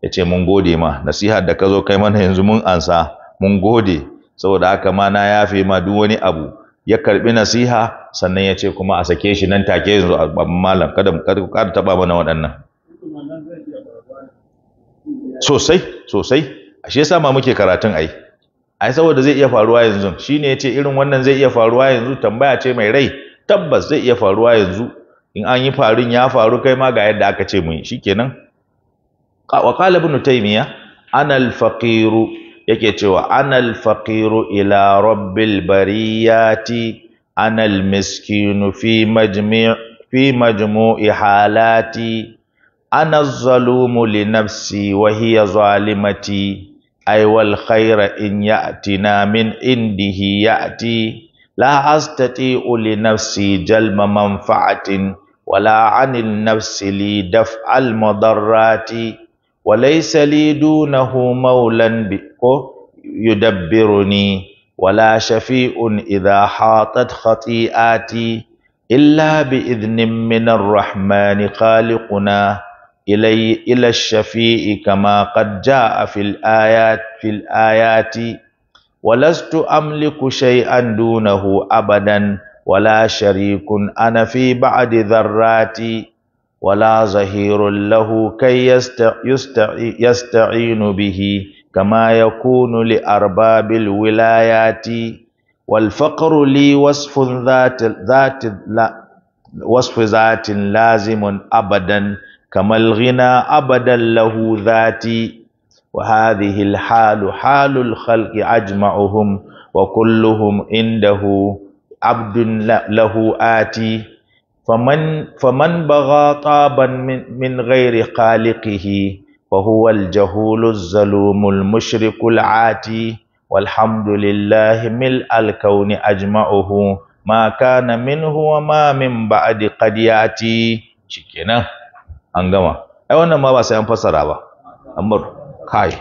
ya ce mun gode ma Nasiha da ka zo kai mana yanzu mun ansa mun gode saboda haka ma na yafe ma duk wani abu ya karbi nasiha sannan ya ce kuma a sake shi nan take yanzu a malam kada ku kada taba mana waɗannan sosai sosai ashe yasa ma muke karatun ai ai saboda zai iya faruwa yanzu shine yace irin wannan zai iya faruwa yanzu tambaya ce mai rai tabbas zai iya faruwa yanzu in an yi farin ya faru kai ma ga yadda aka ce mu shikenan wa qala ibn taymiya ana al-faqiru yake cewa anal faqiru ila rabbil bariyati anal miskinu fi majmi' fi majmu'i halati ana zalumu li nafsi wa hiya zalimati ay wal in ya'tina min indihi ya'ti la astati'u li nafsi jalma manfa'atin wala 'anil nafsi li daf'al madarrati وليس لي دونه مولا يدبرني ولا شفيء إذا حاطت خطيئاتي إلا بإذن من الرحمن خالقنا إلي إلى الشفيء كما قد جاء في الآيات في الآيات ولست أملك شيئا دونه أبدا ولا شريك أنا في بعد ذراتي ولا ظهير له كي يستعين به كما يكون لأرباب الولايات والفقر لي وصف ذات ذات لا وصف ذات لازم أبدا كما الغنى أبدا له ذاتي وهذه الحال حال الخلق أجمعهم وكلهم عنده عبد له آتي faman faman bagha taban min, gairi ghairi khaliqihi fa zalumul mushrikul ati walhamdulillahi mil al-kauni ajma'uhu ma kana minhu wa ma min ba'di qad yati shikenan an gama ai wannan ba sai an fassara ba amma kai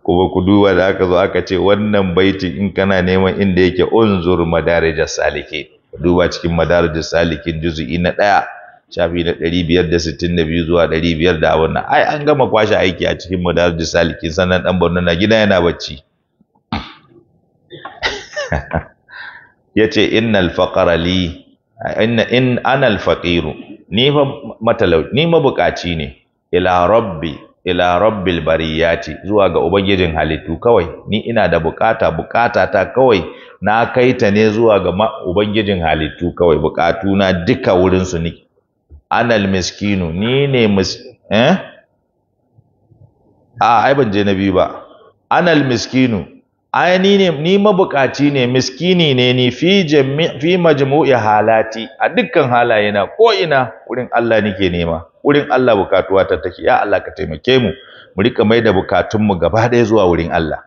kuma ku duba da aka zo aka ce wannan baitin in kana neman inda yake unzur madarijas salike duba cikin madarijus salikin juz'i na ɗaya shafi na ɗari biyar da sittin da biyu zuwa ɗari biyar da wannan ai an gama kwashe aiki a cikin madarijus salikin sannan ɗan borno na gida yana bacci *laughs* ya ce innal faqara li inna in anal faqiru ni fa matalau ni mabukaci ne ila rabbi ila rabbil bariyati zuwa ga ubangijin halittu kawai ni ina da bukata bukata ta kawai na kai ta ne zuwa ga ubangijin halittu kawai bukatu na duka wurin su ni anal miskinu ni ne mis eh a ai ban je na biyu ba anal miskinu ai ni ne ni mabukaci ne miskini ne ni fi fi majmu'i halati a dukkan halayena ko ina wurin Allah nake nema wurin Allah bukatuwa ta take ya Allah ka taimake mu mu rika mai da bukatun mu gaba ɗaya zuwa wurin Allah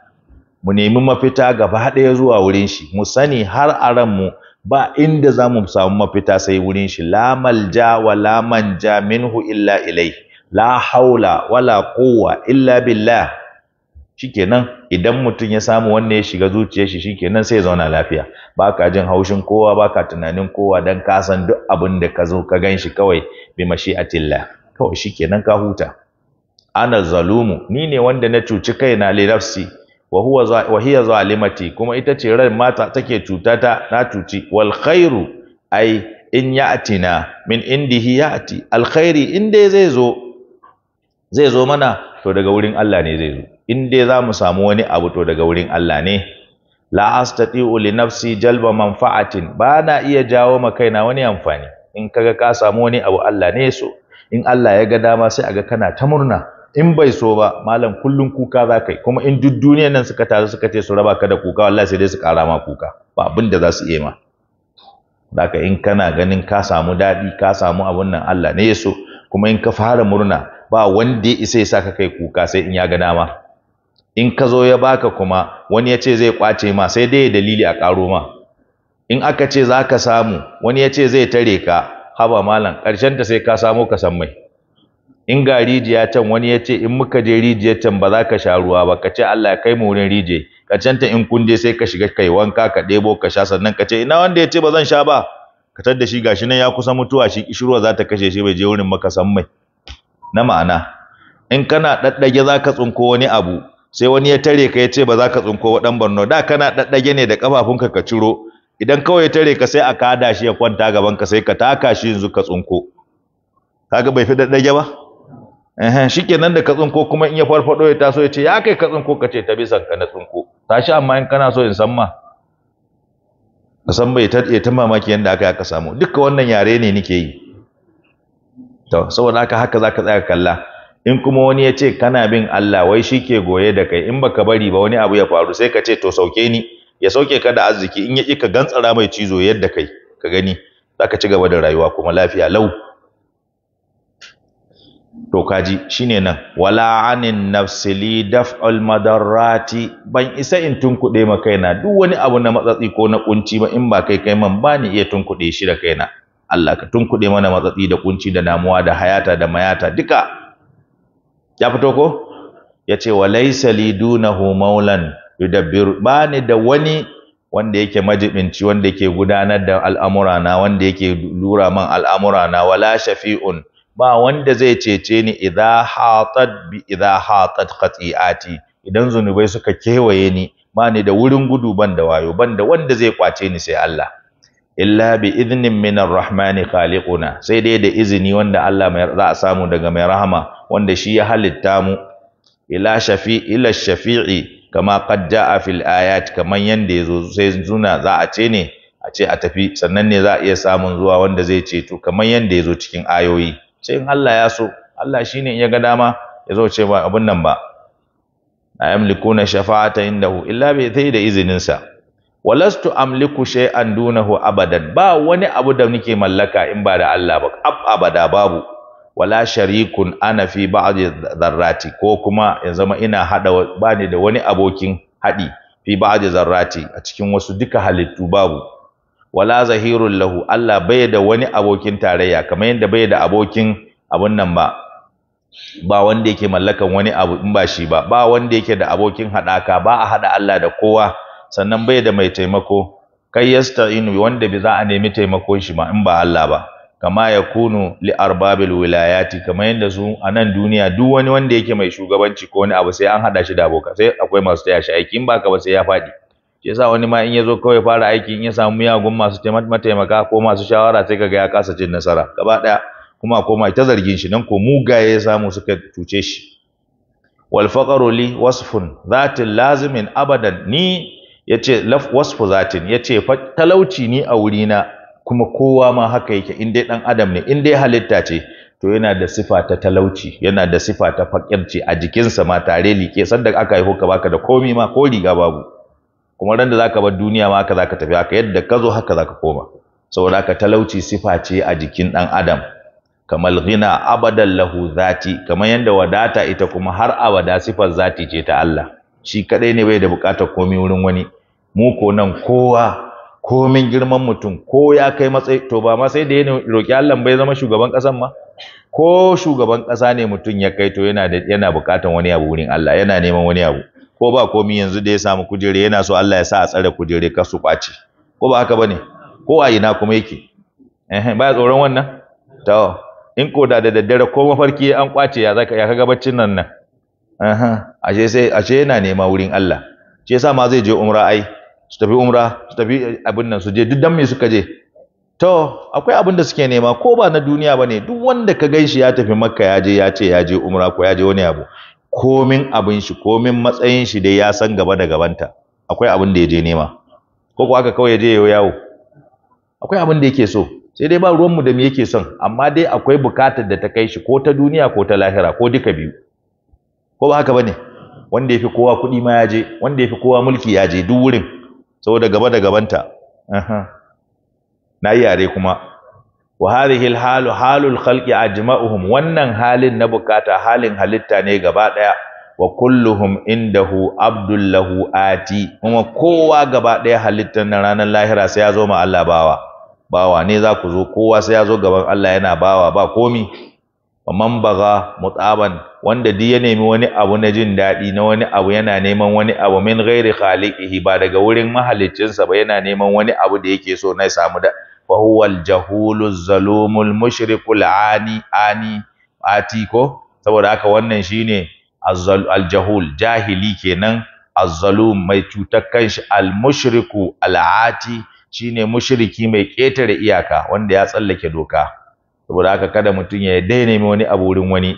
mu nemi mafita gaba ɗaya zuwa wurin shi mu sani har a ran mu ba inda za mu samu mafita sai wurin shi la malja wa la manja minhu illa ilai la haula wala quwwa illa billah shikenan idan mutum ya samu wannan ya shiga zuciyar shi shikenan sai ya zauna lafiya ba ka jin haushin kowa ba ka tunanin kowa dan ka san duk abin da ka zo ka gan shi kawai bi mashi'atillah kawai shikenan ka huta ana zalumu ni ne wanda na cuci kaina li nafsi wa huwa wa hiya zalimati kuma ita ce ran mata take cutata na cuci wal khairu ai in ya'tina min indihi ya'ti alkhairi inda zai zo zai zo mana to daga wurin Allah ne zai zo in dai za mu samu wani abu to daga wurin Allah ne la astati'u li nafsi jalba manfa'atin ba na iya jawo ma kaina wani amfani in kaga ka samu wani abu Allah ne so in Allah ya ga dama sai aga kana ta murna in bai so ba malam kullun kuka za kai kuma in duk duniyar nan suka taru suka ce su raba ka da kuka wallahi sai dai su kara ma kuka ba abin da za su iya ma daga in kana ganin ka samu dadi, ka samu abun nan Allah ne so kuma in ka fara murna ba wanda ya isa ya saka kai kuka sai in ya ga dama in ka zo ya baka kuma wani ya ce zai kwace ma sai dai dalili a ƙaro ma in aka ce za ka samu wani ya ce zai tare ka haba malam ta sai ka samo ka san mai in ga rijiya can wani ya ce in muka je rijiyar can ba za ka sha ruwa ba ka ce Allah ya kai mu wurin rijiya ta in kun je sai ka shiga kai wanka ka ɗebo ka sha sannan ka ce ina wanda ya ce ba zan sha ba ka tar da shi gashi nan ya kusa mutuwa shi kishirwa za ta kashe shi bai je wurin maka san mai na ma'ana in kana daddage za ka tsunko wani abu sai wani ya tare ka ya ce ba za ka tsunko ɗan barno da kana ɗaɗɗage ne da ƙafafunka ka ciro idan kawai ya tare ka sai a kada shi ya kwanta gaban ka sai ka taka shi yanzu ka tsunko kaga bai fi daddage ba eh shikenan da ka tsunko kuma in ya farfado ya taso ya ce ya kai ka tsunko ka ce ta bisan ka na tsunko tashi amma in kana so in san ma san bai ta ta mamaki yanda aka aka samu dukkan wannan yare ne nike yi to saboda haka haka zaka tsaya kalla in kuma wani ya ce kana bin Allah wai shi ke goye da kai in baka bari ba wani abu ya faru sai ka ce to sauke ni ya sauke ka da arziki in ya ƙi ka gantsara mai cizo yadda kai ka gani za ka ci gaba da rayuwa kuma lafiya lau to kaji shine nan wala anin nafsili daf'ul madarrati ban isa in tunkuɗe ma kaina duk wani abu na matsatsi ko na kunci ba in ba kai kai man ba ni iya tunkuɗe shi da kaina Allah ka tunkuɗe mana matsatsi da kunci da namuwa, da hayata da mayata duka ya fito ko ya ce wa laisa li dunahu maulan yudabbir bani da wani wanda yake majibinci wanda yake gudanar da al'amurana wanda yake lura man al'amurana wala shafi'un ba wanda zai cece ni idza hatat bi idza hatat qati'ati idan zunubai suka kewaye ni bani da wurin gudu ban da wayo ban da wanda zai kwace ni sai Allah illa bi idnin minar rahmani khaliquna sai dai da izini wanda Allah mai za a samu daga mai rahama wanda shi ya halitta mu ila shafi ila shafi'i kama qad jaa fil ayat kaman yanda yazo sai zuna za a ce ne a ce a tafi sannan ne za a iya samun zuwa wanda zai ce to kaman yanda yazo cikin ayoyi sai in Allah ya so Allah shine in ya ga dama yazo ce ba abun nan ba ayamlikuna shafa'ata indahu illa bi sai da izininsa sa walastu amliku shay'an dunahu abadan ba wani abu da nake mallaka in ba da Allah ba ab abada babu wala sharikun ana fi ba'dhi dharrati ko kuma in zama ina hada bani da wani abokin hadi fi ba'dhi zarrati a cikin wasu duka halittu babu wala zahirun lahu Allah bai da wani abokin tarayya kamar yadda bai da abokin abun nan ba ba wanda yake mallakan wani abu in ba shi ba ba wanda yake da abokin hadaka ba a hada Allah da kowa sannan bai da mai taimako kai inu wanda bi za a nemi taimako shi ma in ba Allah ba kama ya kunu li arbabil wilayati Kama yadda su a nan duniya duk wani wanda yake mai shugabanci ko wani abu sai an hada shi da aboka sai akwai masu taya shi aiki in baka ba sai ya faɗi shi yasa wani ma in ya zo kawai fara aiki in ya samu miyagun masu mataimaka ko masu shawara sai kaga ya kasa cin nasara gaba ɗaya kuma koma ta zargin shi nan ko mugaye ya samu suka cuce shi wal faqaru li wasfun zatin lazimin abadan ni yace laf wasfu zatin yace talauci ni a wurina kuma kowa ma haka yake in dai dan adam ne in dai halitta ce to yana da sifa ta talauci yana da sifa ta fakirci a jikinsa ma tare like sanda aka yi ka baka da komi ma ko riga babu kuma ran da zaka bar duniya ma haka zaka tafi haka yadda ka zo haka zaka koma saboda ka talauci sifa ce a jikin dan adam kamal ghina abadan lahu zati kamar yanda wadata ita kuma har abada sifar zati ce ta Allah shi kadai ne bai da bukatar komai wurin wani mu ko nan kowa komin girman mutum ko ya kai matsayi to ba ma sai da ya roki Allah bai zama shugaban kasan ma ko shugaban kasa ne mutum ya kai to yana da yana bukatan wani abu wurin Allah yana neman wani abu ko ba komai yanzu da ya samu kujere yana so Allah ya sa a tsare kujere ka su kwace ko ba haka bane ko a ina kuma yake eh ba tsoron wannan to in ko da daddare ko mafarki an kwace ya zaka ya kaga baccin nan nan aha ashe sai ashe yana nema wurin Allah shi yasa ma zai je umra ai su tafi umra su tafi abin nan su je duk dan me suka je to akwai abin da suke nema ko ba na duniya bane duk wanda ka ganshi ya tafi makka ya je ya ce ya je umra ko ya je wani abu komin abin shi komin matsayin shi dai ya san gaba da gabanta akwai abin da ya je nema ko ko aka kawai ya je yawo akwai abin da yake so sai dai ba ruwanmu da me yake son amma dai akwai bukatar da ta kai shi ko ta duniya ko ta lahira ko duka biyu ko ba haka bane wanda yafi kowa kuɗi ma ya je wanda yafi kowa mulki ya je duk wurin saboda gaba da gabanta na yi yare kuma wa hadhihi alhalu halul khalqi ajma'uhum wannan halin na bukata halin halitta ne gaba daya wa kulluhum indahu abdullahu ati kuma kowa gaba daya halittar na ranar lahira sai ya zo ma Allah bawa bawa ne za ku zo kowa sai ya zo gaban Allah yana bawa ba komi wa man baga mutaban wanda duk ya nemi wani abu na jin daɗi na wani abu yana neman wani abu min ghairi khaliqihi ba daga wurin mahaliccinsa ba yana neman wani abu da yake so na samu da fa huwa al-jahulu zalumu al-mushriku ani ani ati ko saboda haka wannan shine al-jahul jahili kenan az-zalum mai cutar kanshi al-mushriku al-ati shine mushriki mai ƙetare iyaka wanda ya tsallake doka saboda haka kada mutum ya daina wani abu wurin wani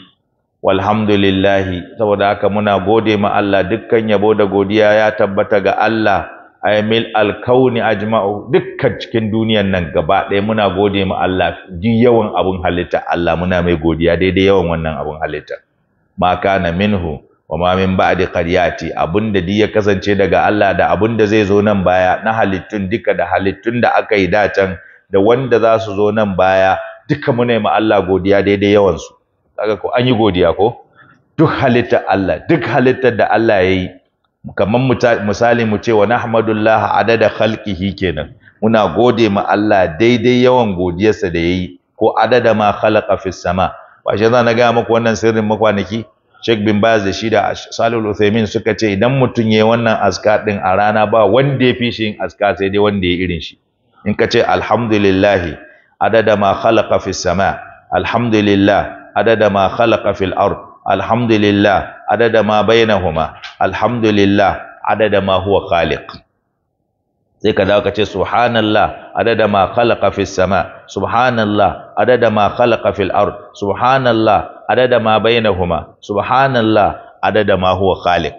walhamdulillahi saboda haka muna gode ma Allah dukkan yabo da godiya ya tabbata ga Allah ay alkauni ajma'u dukkan cikin duniyan nan gaba ɗaya muna gode ma Allah ji yawan abun halitta Allah muna mai godiya daidai yawan wannan abun halitta ma kana minhu wa ma min ba'di qaryati abinda di ya kasance daga Allah da abinda zai zo nan baya na halittun duka da halittun da aka yi can, da wanda za su zo nan baya duka muna ma Allah godiya daidai yawan su kaga ko an yi godiya ko duk halittar Allah duk halittar da Allah ya yi kamar misali mu ce wa nahmadullah adada khalqihi kenan muna gode ma Allah daidai yawan godiyarsa da yayi ko adada ma khalaqa fis sama washe za na ga muku wannan sirrin makwanaki Sheikh bin Baz da shi da Salul Uthaymeen suka ce idan mutum yayi wannan azkar din a rana ba wanda ya fi shi yin azkar sai dai wanda ya irin shi in ka ce alhamdulillah adada ma khalaqa fis sama alhamdulillah adada ma khalaqa fil ard alhamdulillah adada ma bainahuma alhamdulillah adada ma huwa khaliq sai ka dawo ka ce subhanallah adada ma khalaqa fis sama subhanallah adada ma khalaqa fil ard subhanallah adada ma bainahuma subhanallah adada ma huwa khaliq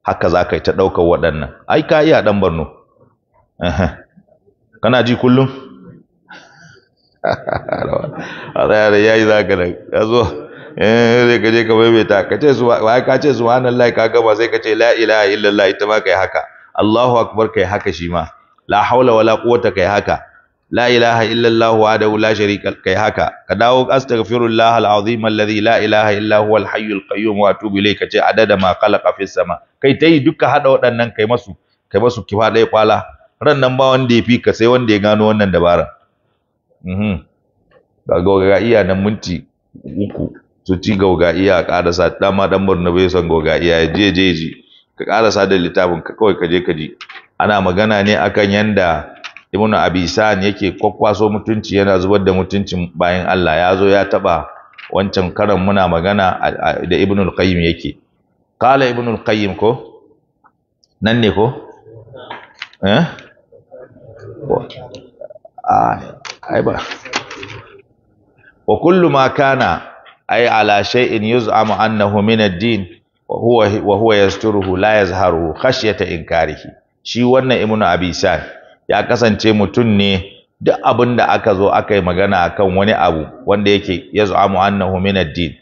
haka za ka yi ta ɗaukar waɗannan ai ka iya ɗan barno kana ji kullum a tsaya da za ka nan ya zo zai eh, ka je ka maimaita ka ce su ba ka ce su hannun lai ka gama sai ka ce la ilaha illallah ita ma yi haka Allahu akbar kai haka shi ma la haula wala ka kai haka la ilaha illallah wahdahu la sharika yi haka ka dawo astaghfirullah alazim alladhi la ilaha illa huwa alhayyul qayyum wa atubu ilayka ce adada ma khalaqa fis sama kai tai duka hada waɗannan kai masu kai masu kifa ɗaya kwala ran nan ba wanda ya fi ka sai wanda ya gano wannan dabaran Mhm. ga gogaiya nan minti uku su ci gogaiya a karasa dama dan murna bai san gogaiya ya je je ji ka karasa da littafin ka kawai ka je ana magana ne akan yanda ibnu abisan yake kwakwaso mutunci yana zubar da mutuncin bayan Allah ya zo ya taba wancan karan muna magana da Ibn al-qayyim yake qala ibnu al-qayyim ko nan ne ko eh ai ba wa kullu ma kana ay ala shay'in yuz'amu annahu min ad-din wa huwa wa huwa yasturuhu la yazharu khashyata inkarihi shi wannan ibnu abisan ya kasance mutum ne duk abin da aka zo aka yi magana akan wani abu wanda yake yuz'amu annahu min ad-din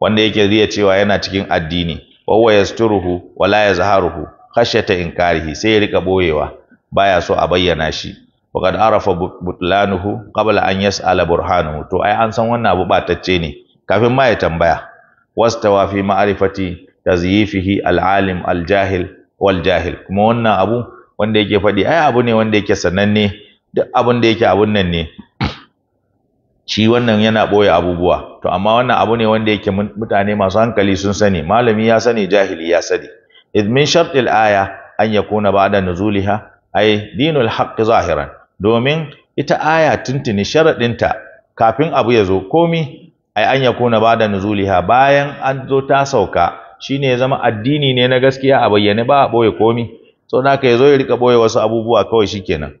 wanda yake riya cewa yana cikin addini wa huwa yasturuhu wa la yazharu khashyata inkarihi sai ya rika boyewa baya so a bayyana shi waqad arafa butlanuhu qabla an yas'ala burhanuhu to ai an san wannan abu batacce ne kafin ma ya tambaya wastawa fi ma'rifati tazyifihi al'alim al-jahil wal jahil kuma wannan abu wanda yake fadi ai abu ne wanda yake sananne duk abun da yake abun nan ne shi wannan yana ɓoye abubuwa to amma wannan abu ne wanda yake mutane masu hankali sun sani malami ya sani jahili ya sani Izmin min shartil aya an yakuna ba'da nuzulha ay dinul haqq zahiran domin ita aya tuntuni sharaɗinta kafin abu ya zo komi ai an yakuna ba da nuzuliha bayan an zo ta sauka shine ya zama addini ne na gaskiya a bayyane ba a ɓoye komi so da ka ya zo ya rika ɓoye wasu abubuwa kawai shikenan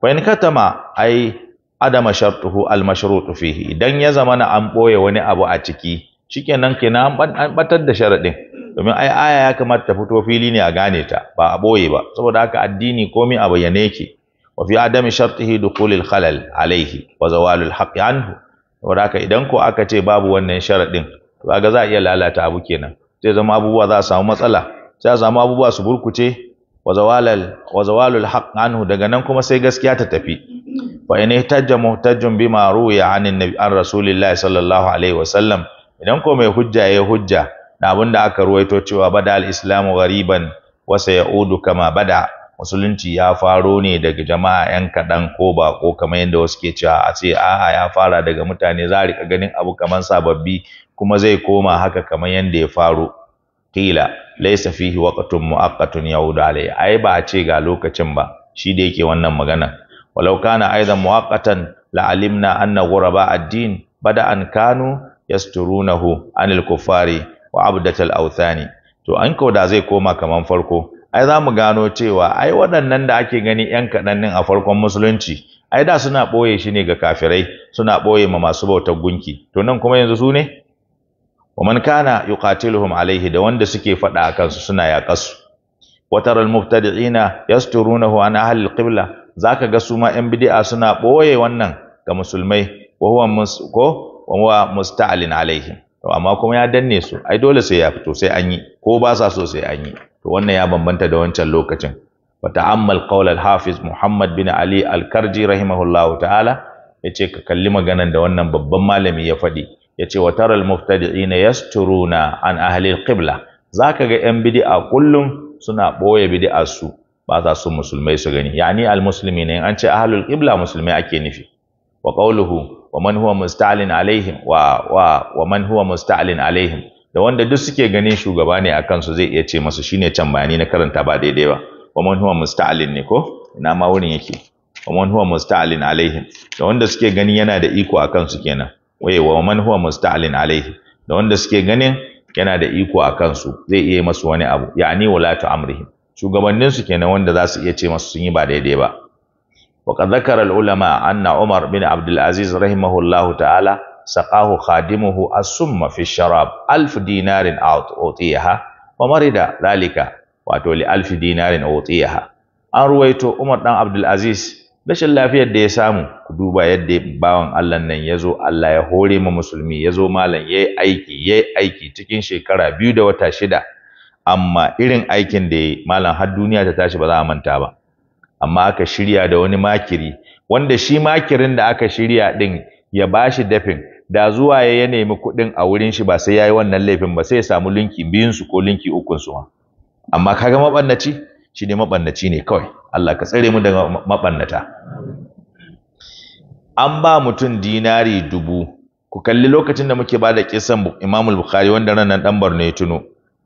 fa in katama ai adama shartuhu al mashrutu fihi idan ya zama na an ɓoye wani abu a ciki shikenan kenan an batar da sharaɗin domin ai aya ya kamata ta fito fili ne a gane ta ba a ɓoye ba saboda haka addini komi a bayyane yake وفي عدم شرطه دخول الخلل عليه وزوال الحق عنه wadaka idan ko aka ce babu wannan sharaɗin, to kaga za a iya lalata abu kenan sai zama abubuwa za a samu matsala sai a samu abubuwa su burkuce wa zawalal wa zawalul haqq anhu daga nan kuma sai gaskiya ta tafi fa in ihtajja muhtajjun bima ruwiya anin nabi an rasulillahi sallallahu alaihi wasallam idan ko mai hujja ya hujja na abin da aka ruwaito cewa bada al-islamu ghariban wa sayaudu kama bada musulunci ya faro ne daga jama'a yan kaɗan ko bako kamar yadda wasu ke cewa a ce a'a ya fara daga mutane za a ganin abu kamar sababbi kuma zai koma haka kamar yadda ya faru." kila laisa fihi waqtun muaqqatun yaudu alayhi ai ba a ce ga lokacin ba shi da yake wannan magana walau kana aidan muaqqatan la alimna anna ghuraba ad-din bada an kanu yasturunahu anil kuffari wa abdatal awthani to an ko da zai koma kaman farko ai za mu gano cewa ai waɗannan da ake gani ‘yan kaɗannin a farkon musulunci ai da suna ɓoye shi ne ga kafirai suna ɓoye ma masu bautar gunki to nan kuma yanzu su ne wa man kana yuqatiluhum alaihi da wanda suke faɗa a kansu suna yaƙasu wa taral mubtadi'ina yasturunahu an ahli qibla zaka ga su ma ‘yan bid'a suna ɓoye wannan ga musulmai wa huwa ko wa musta'alin alaihim to amma kuma ya danne su ai dole sai ya fito sai an yi ko ba sa so sai an yi to wannan ya bambanta da wancan lokacin wa ta'ammal hafiz Muhammad bin Ali al-Karji rahimahullahu ta'ala yace ka kalli maganan da wannan babban malami ya faɗi yace wa taral muftadi'ina yasturuna an ahli al-qibla zaka ga yan bid'a kullum suna boye bid'ar su ba za su musulmai su gani yani al-muslimina in an ce ahlul qibla musulmai ake nufi wa qawluhu wa man huwa musta'lin alaihim wa wa wa man huwa musta'lin alaihim da wanda duk suke ganin shugaba ne a kansu zai iya ce masu shine can bayani na karanta ba daidai ba wa man huwa musta'alin ne ko ina ma wurin yake wa man huwa musta'alin alaihim da wanda suke gani yana da iko a kansu kenan waye wa man huwa musta'alin alaihi da wanda suke ganin yana da iko a kansu zai iya masu wani abu ya'ani walatu amrihim shugabannin su kenan wanda za su iya ce masu sun yi ba daidai ba وقد ذكر العلماء أن عمر بن عبد العزيز رحمه الله تعالى سقاه خادمه السم في dinarin ألف دينار أعطيها ومرض ذلك wato li alfi dinarin utiyaha an ruwaito Umar dan Abdulaziz, rashin lafiyar da ya samu ku duba yadda bawan Allah nan yazo Allah ya hore mu musulmi yazo malam yayi aiki yayi aiki cikin shekara biyu da wata shida amma irin aikin da yayi malam har duniya ta tashi ba za a manta ba amma aka shirya da wani makiri wanda shi makirin da aka shirya din ya bashi dafin da zuwa ya nemi kuɗin a wurin shi ba sai yayi wannan laifin ba sai ya samu linki biyun su ko linki ukun su ma amma kaga mabannaci shi ne mabannaci ne kawai Allah ka tsare mu daga mabannata an ba mutum dinari dubu ku kalli lokacin da muke ba da kisan Imam Bukhari wanda nan dan Borno ya tuno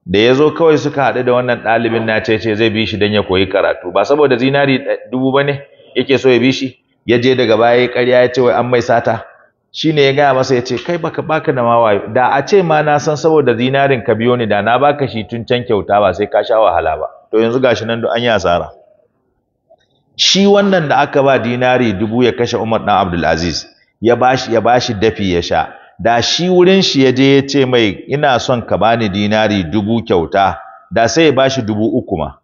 da ya zo kawai suka haɗu da wannan ɗalibin na ce ce zai bi shi dan ya koyi karatu ba saboda dinari eh, dubu ba ne yake so ya bi shi ya je daga baya ya karya ya ce wai an mai sata Shi ne ya gaya masa ya ce kai baka baka da wayo' da a ce ma na san saboda zinarin ka biyo ni da na baka shi tun can kyauta ba sai ka sha wahala ba to yanzu gashi nan an yi asara shi wannan da aka ba dinari dubu ya kashe Umar dan Abdul Aziz ya bashi ya bashi dafi ya sha da shi wurin shi ya je ya ce mai ina son ka bani dinari dubu kyauta da sai ya bashi dubu uku ma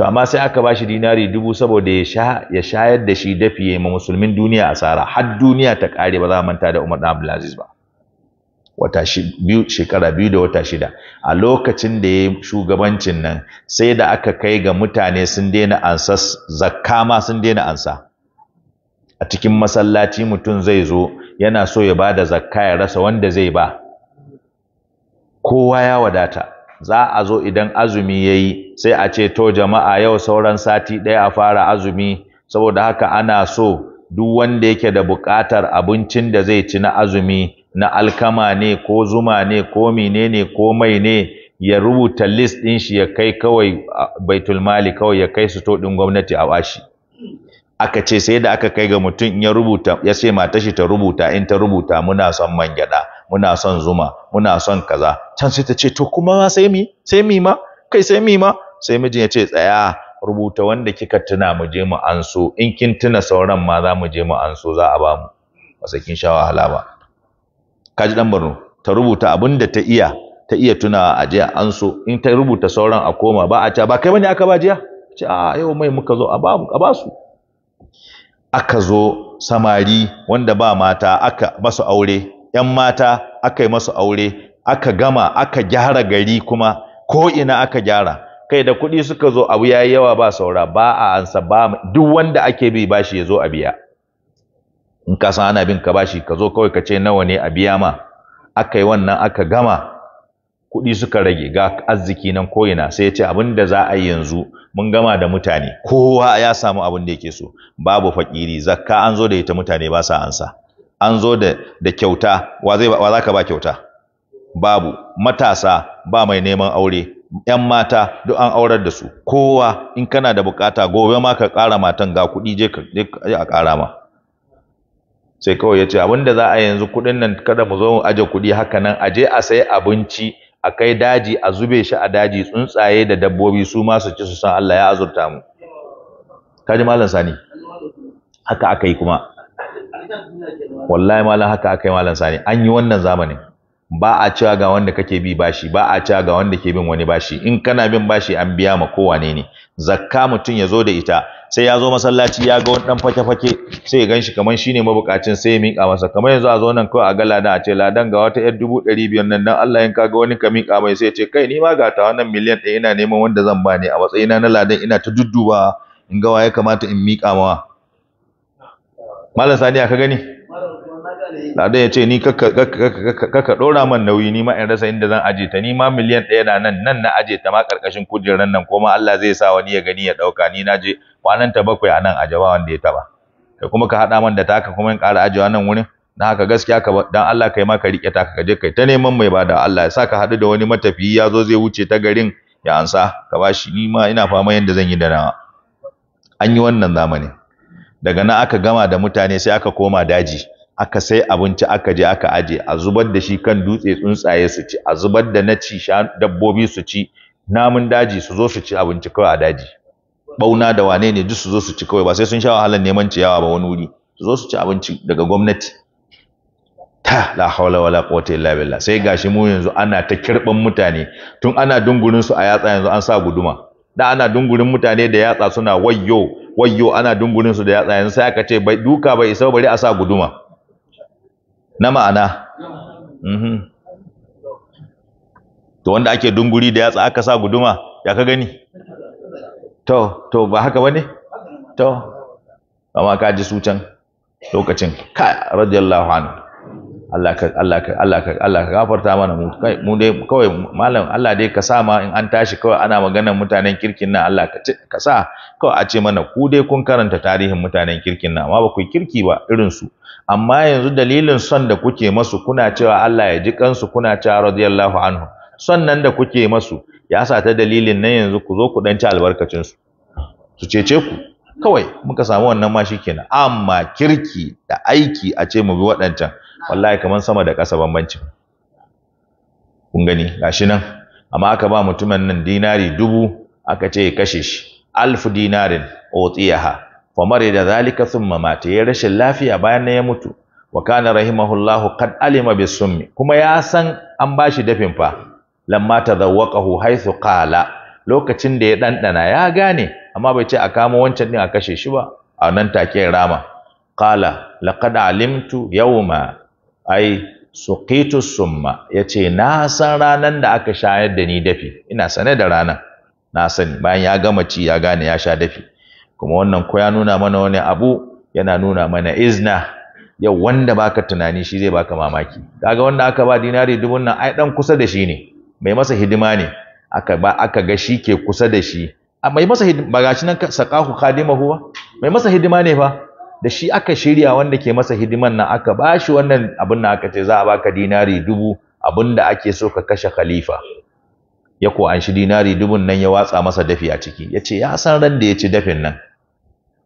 to amma sai aka ba shi dinari dubu saboda ya sha ya shayar da shi dafiye ma musulmin duniya asara har duniya ta kare ba za a manta da Umar ibn Abdulaziz ba wata biyu shekara biyu da wata shida a lokacin da ya shugabancin nan sai da aka kai ga mutane sun daina ansa zakka ma sun daina ansa a cikin masallaci mutum zai zo yana so ya ba da zakka ya rasa wanda zai ba kowa ya wadata za a zo idan azumi ya yi sai a ce to jama'a yau sauran sati ɗaya a fara azumi saboda haka ana so duk wanda yake da buƙatar abincin da zai ci na azumi na alkama ne ko zuma ne ko mine ne ko mai ne ya rubuta list ɗin shi ya kai kawai baitulmali kawai ya kai su to ɗin gwamnati a washi. aka ce sai da aka kai ga mutum ya rubuta ya ce mata shi ta rubuta in ta rubuta muna son man gyaɗa muna son zuma muna son kaza can sai ta ce to kuma ma sai mi sai mi ma kai sai mi ma sai mijin ya ce tsaya rubuta wanda kika tuna mu je mu anso in kin tuna sauran ma za mu je mu anso za a ba mu ba kin sha wahala ba kaji dan Borno ta rubuta abin da ta iya ta iya tunawa a jiya anso in ta rubuta sauran a koma ba a ca ba kai bane aka ba jiya ce a yau mai muka zo a ba su aka zo samari wanda ba mata aka basu aure 'yan mata aka yi masu aure aka gama aka gyara gari kuma ko ina aka gyara kai da kuɗi suka zo abu yi yawa ba saura ba a ansa ba duk wanda ake bi bashi ya zo a biya in ka san ana bin ka bashi ka zo kawai ka ce nawa ne a biya ma aka yi wannan aka gama kuɗi suka rage ga arziki nan ko'ina sai ya ce abin da za a yi yanzu mun gama da mutane kowa ya samu abin da yake so babu fakiri zakka an zo da ita mutane ba sa ansa an zo da da kyauta wa zai wa zaka ba kyauta babu matasa ba mai neman aure yan mata duk an aurar da su kowa in kana da bukata gobe ma ka ƙara matan ga kuɗi je ka a ƙara ma sai kawai ya ce abin za a yanzu kuɗin nan kada mu zo mu aje kuɗi haka nan a je a sayi abinci a kai daji a zube shi a daji tsuntsaye da dabbobi su ma su ci su san Allah ya azurta mu kaji malam sani haka aka yi kuma wallahi malam haka aka yi malam sani an yi wannan zamanin ba a cewa ga wanda kake bi bashi ba a cewa ga wanda ke bin wani bashi in kana bin bashi an biya ma kowane ne zakka mutum ya zo da ita sai ya zo masallaci ya ga wani dan fake-fake sai ya ganshi, kamar shine mabukacin sai ya mika masa kamar yanzu a zo nan kawai a ga ladan a ce ladan ga wata yar dubu ɗari biyar nan dan Allah in ka ga wani ka mika mai sai ya ce kai ni ma ga ta wannan miliyan ɗaya ina neman wanda zan ba ne a matsayina na ladan ina ta dudduba in ga waye kamata in mika ma. malam sani ka gani ladan ya ce ni kaka dora man nauyi ni ma in rasa inda zan aje ta ni ma miliyan ɗaya na nan nan na aje ta ma ƙarƙashin kujerar nan ko ma Allah zai sa wani ya gani ya ɗauka ni na je kwanan ta bakwai a nan a jaba wanda ya taba kai kuma ka haɗa man da taka kuma in ƙara ajewa nan wurin na haka gaskiya ka dan Allah kai ma ka riƙe ta, ka je kai ta neman mai bada Allah ya sa ka haɗu da wani matafiyi ya zo zai wuce ta garin ya ansa ka bashi ni ma ina fama yanda zan yi da nawa an yi wannan zamanin daga nan aka gama da mutane sai aka koma daji aka sai abinci aka je aka aje a zubar da shi kan dutse tsuntsaye su ci a zubar da na ci dabbobi su ci namun daji su zo su ci abinci kawai a daji bauna da wane ne duk su zo su ci kawai ba sai sun sha wahalar neman ciyawa ba wani wuri su zo su ci abinci daga gwamnati ta la hawla wala quwwata illa billah sai gashi mu yanzu ana ta kirban mutane tun ana dungurin su a yatsa yanzu an sa guduma da ana dungurin mutane da yatsa suna wayyo wayyo ana dungurin su da yatsa yanzu sai aka ce bai duka bai isa bari a sa guduma na ma'ana mhm. to wanda ake dunguri da yatsa aka sa guduma ya ka gani to to ba haka bane to amma ka ji su can lokacin ka radiyallahu anhu Allah ka Allah gafarta mana mu kai mu dai kawai malam Allah dai ka sa ma in an tashi kawai ana maganar mutanen kirkin nan Allah ka ka sa kawai a ce mana ku dai kun karanta tarihin mutanen kirkin nan amma ba ku kirki ba irin su amma yanzu dalilin son da kuke masu kuna cewa Allah ya ji kansu kuna cewa radiyallahu anhu son nan da kuke masu ya sa ta dalilin nan yanzu ku zo ku dan ci albarkacin su su cece ku kawai muka samu wannan ma shikenan amma kirki da aiki a ce mu bi waɗancan wallahi kaman sama da kasa bambanci. kun gani gashi nan amma aka ba mutumin nan dinari dubu aka ce ya kashe shi alfu dinarin fa mare da zalika thumma mata ya rashin lafiya bayan nan ya mutu wa kana rahimahullahu qad alima bisummi kuma ya san an bashi dafin fa lamma tadawwaqahu haythu qala lokacin da ya dandana ya gane amma bai ce a kama wancan din a kashe shi ba a nan take rama qala laqad alimtu yawma ai suqitu summa yace na san ranan da aka shayar da ni dafi ina sane da ranan na sani bayan ya gama ci ya gane ya sha dafi kuma wannan ko ya nuna mana wani abu yana nuna mana izna yau wanda baka tunani shi zai baka mamaki kaga wanda aka ba dinari dubun nan ai dan kusa da shi ne mai masa hidima ne aka ba aka ga shi ke kusa da shi mai masa hidima ba gashi nan saqahu khadimahu mai masa hidima ne fa da shi aka shirya wanda ke masa hidiman nan aka ba shi wannan abin da aka ce za a baka dinari dubu abin da ake so ka kashe khalifa ya ko an shi dinari dubun nan ya watsa masa dafi a ciki ya ce ya san ran da ya ci dafin nan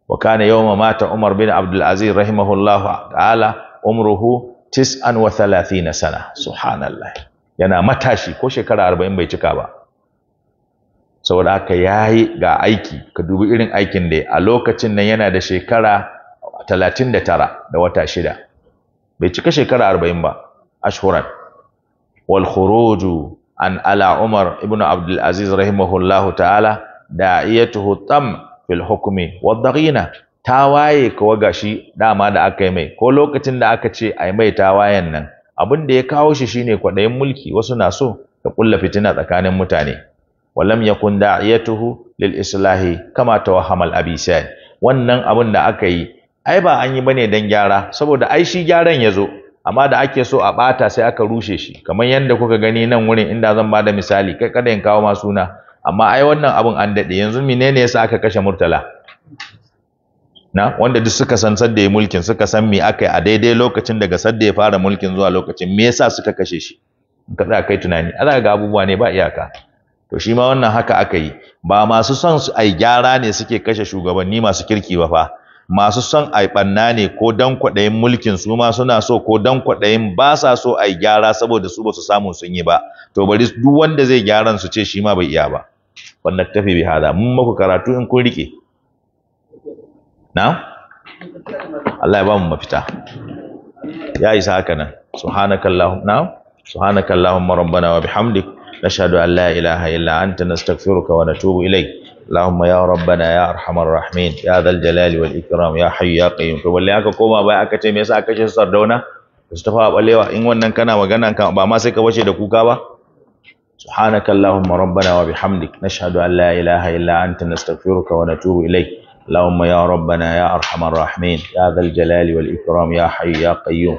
wa kana yawma mata Umar bin Abdul Aziz rahimahullah ta'ala umruhu 39 sana subhanallah yana matashi ko shekara arba'in bai cika ba saboda haka yayi ga aiki ka dubi irin aikin da a lokacin nan yana da shekara talatin da tara da wata shida bai cika shekara arba'in ba ashuran wal khuruju an ala umar ibn abdul aziz rahimahullahu ta'ala da'iyatuhu tam fil hukmi wad ta waye kawa gashi dama da aka yi mai ko lokacin da aka ce ai mai ta wayen nan abin da ya kawo shi shine kwaɗayin mulki wasu na so Ka kulla fitina tsakanin mutane walam yakun da'iyatuhu lil islahi kama tawahhamal abisan wannan abin da aka yi ai ba an yi bane dan gyara saboda ai shi gyaran ya zo amma da ake so a bata sai aka rushe shi kamar yadda kuka gani nan wurin inda zan bada misali kai kada in kawo ma suna amma ai wannan abun an dade yanzu menene yasa aka kashe murtala na wanda duk suka san sadda ya mulkin suka san me aka yi a daidai lokacin daga sadda ya fara mulkin zuwa lokacin me yasa suka kashe shi ka kai tunani ana ga abubuwa ne ba iyaka to shi ma wannan haka aka yi ba masu son su ai gyara ne suke kashe shugabanni masu kirki ba fa masu son a ɓanna ne ko dan kwaɗayin mulkin su ma suna so ko dan kwaɗayin ba sa so a gyara saboda su ba su samu sun yi ba to bari duk wanda zai gyaran su ce shi ma bai iya ba wannan tafi bi hada mun maku karatu in kun rike na Allah ya ba mu mafita ya isa haka nan subhanakallahu na subhanakallahu rabbana wa bihamdik nashhadu an la ilaha illa anta nastaghfiruka wa natubu ilayk اللهم يا ربنا يا ارحم الراحمين يا ذا الجلال والاكرام يا حي يا قيوم to balle aka koma bai aka ce me yasa aka ce sardauna mustafa ballewa in wannan kana magana kan ba ma sai ka bace da kuka ba subhanak allahumma rabbana wa bihamdik hamdi an la ilaha illa anta nastaghfiruka wa natubu ilayk اللهم يا ربنا يا ارحم الراحمين يا ذا الجلال والاكرام يا حي يا قيوم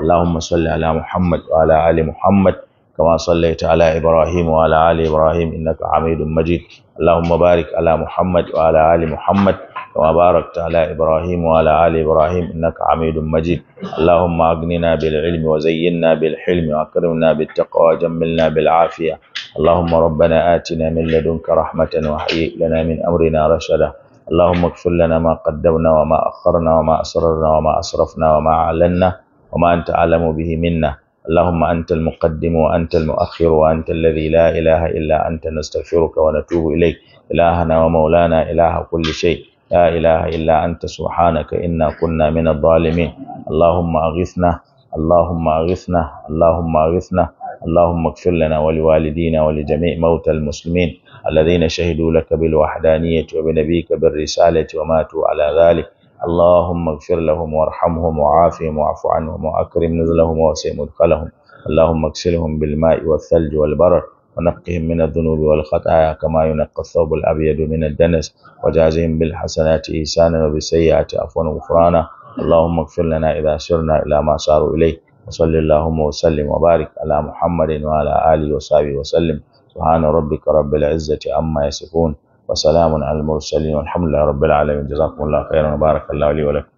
اللهم صل على محمد وعلى ال محمد كما صليت على إبراهيم وعلى آل إبراهيم إنك حميد مجيد اللهم بارك على محمد وعلى آل محمد كما باركت على إبراهيم وعلى آل إبراهيم إنك حميد مجيد اللهم أغننا بالعلم وزينا بالحلم وأكرمنا بالتقوى وجملنا بالعافية اللهم ربنا آتنا من لدنك رحمة وهيئ لنا من أمرنا رشدا اللهم اغفر لنا ما قدمنا وما أخرنا وما أسررنا وما أسرفنا وما أعلنا وما أنت أعلم به منا اللهم أنت المقدم وأنت المؤخر وأنت الذي لا إله إلا أنت نستغفرك ونتوب إليك إلهنا ومولانا إله كل شيء لا إله إلا أنت سبحانك إنا كنا من الظالمين اللهم أغثنا اللهم أغثنا اللهم أغثنا اللهم اغفر لنا ولوالدينا ولجميع موتى المسلمين الذين شهدوا لك بالوحدانية وبنبيك بالرسالة وماتوا على ذلك اللهم اغفر لهم وارحمهم وعافهم واعف عنهم وأكرم نزلهم ووسع مدخلهم اللهم اغسلهم بالماء والثلج والبرد ونقهم من الذنوب والخطايا كما ينقى الثوب الأبيض من الدنس وجازهم بالحسنات إحسانا وبالسيئات عفوا وغفرانا اللهم اغفر لنا إذا سرنا إلى ما ساروا إليه وصل اللهم وسلم وبارك على محمد وعلى آله وصحبه وسلم سبحان ربك رب العزة عما يصفون وسلام على المرسلين والحمد لله رب العالمين جزاكم الله خيرا وبارك الله لي ولكم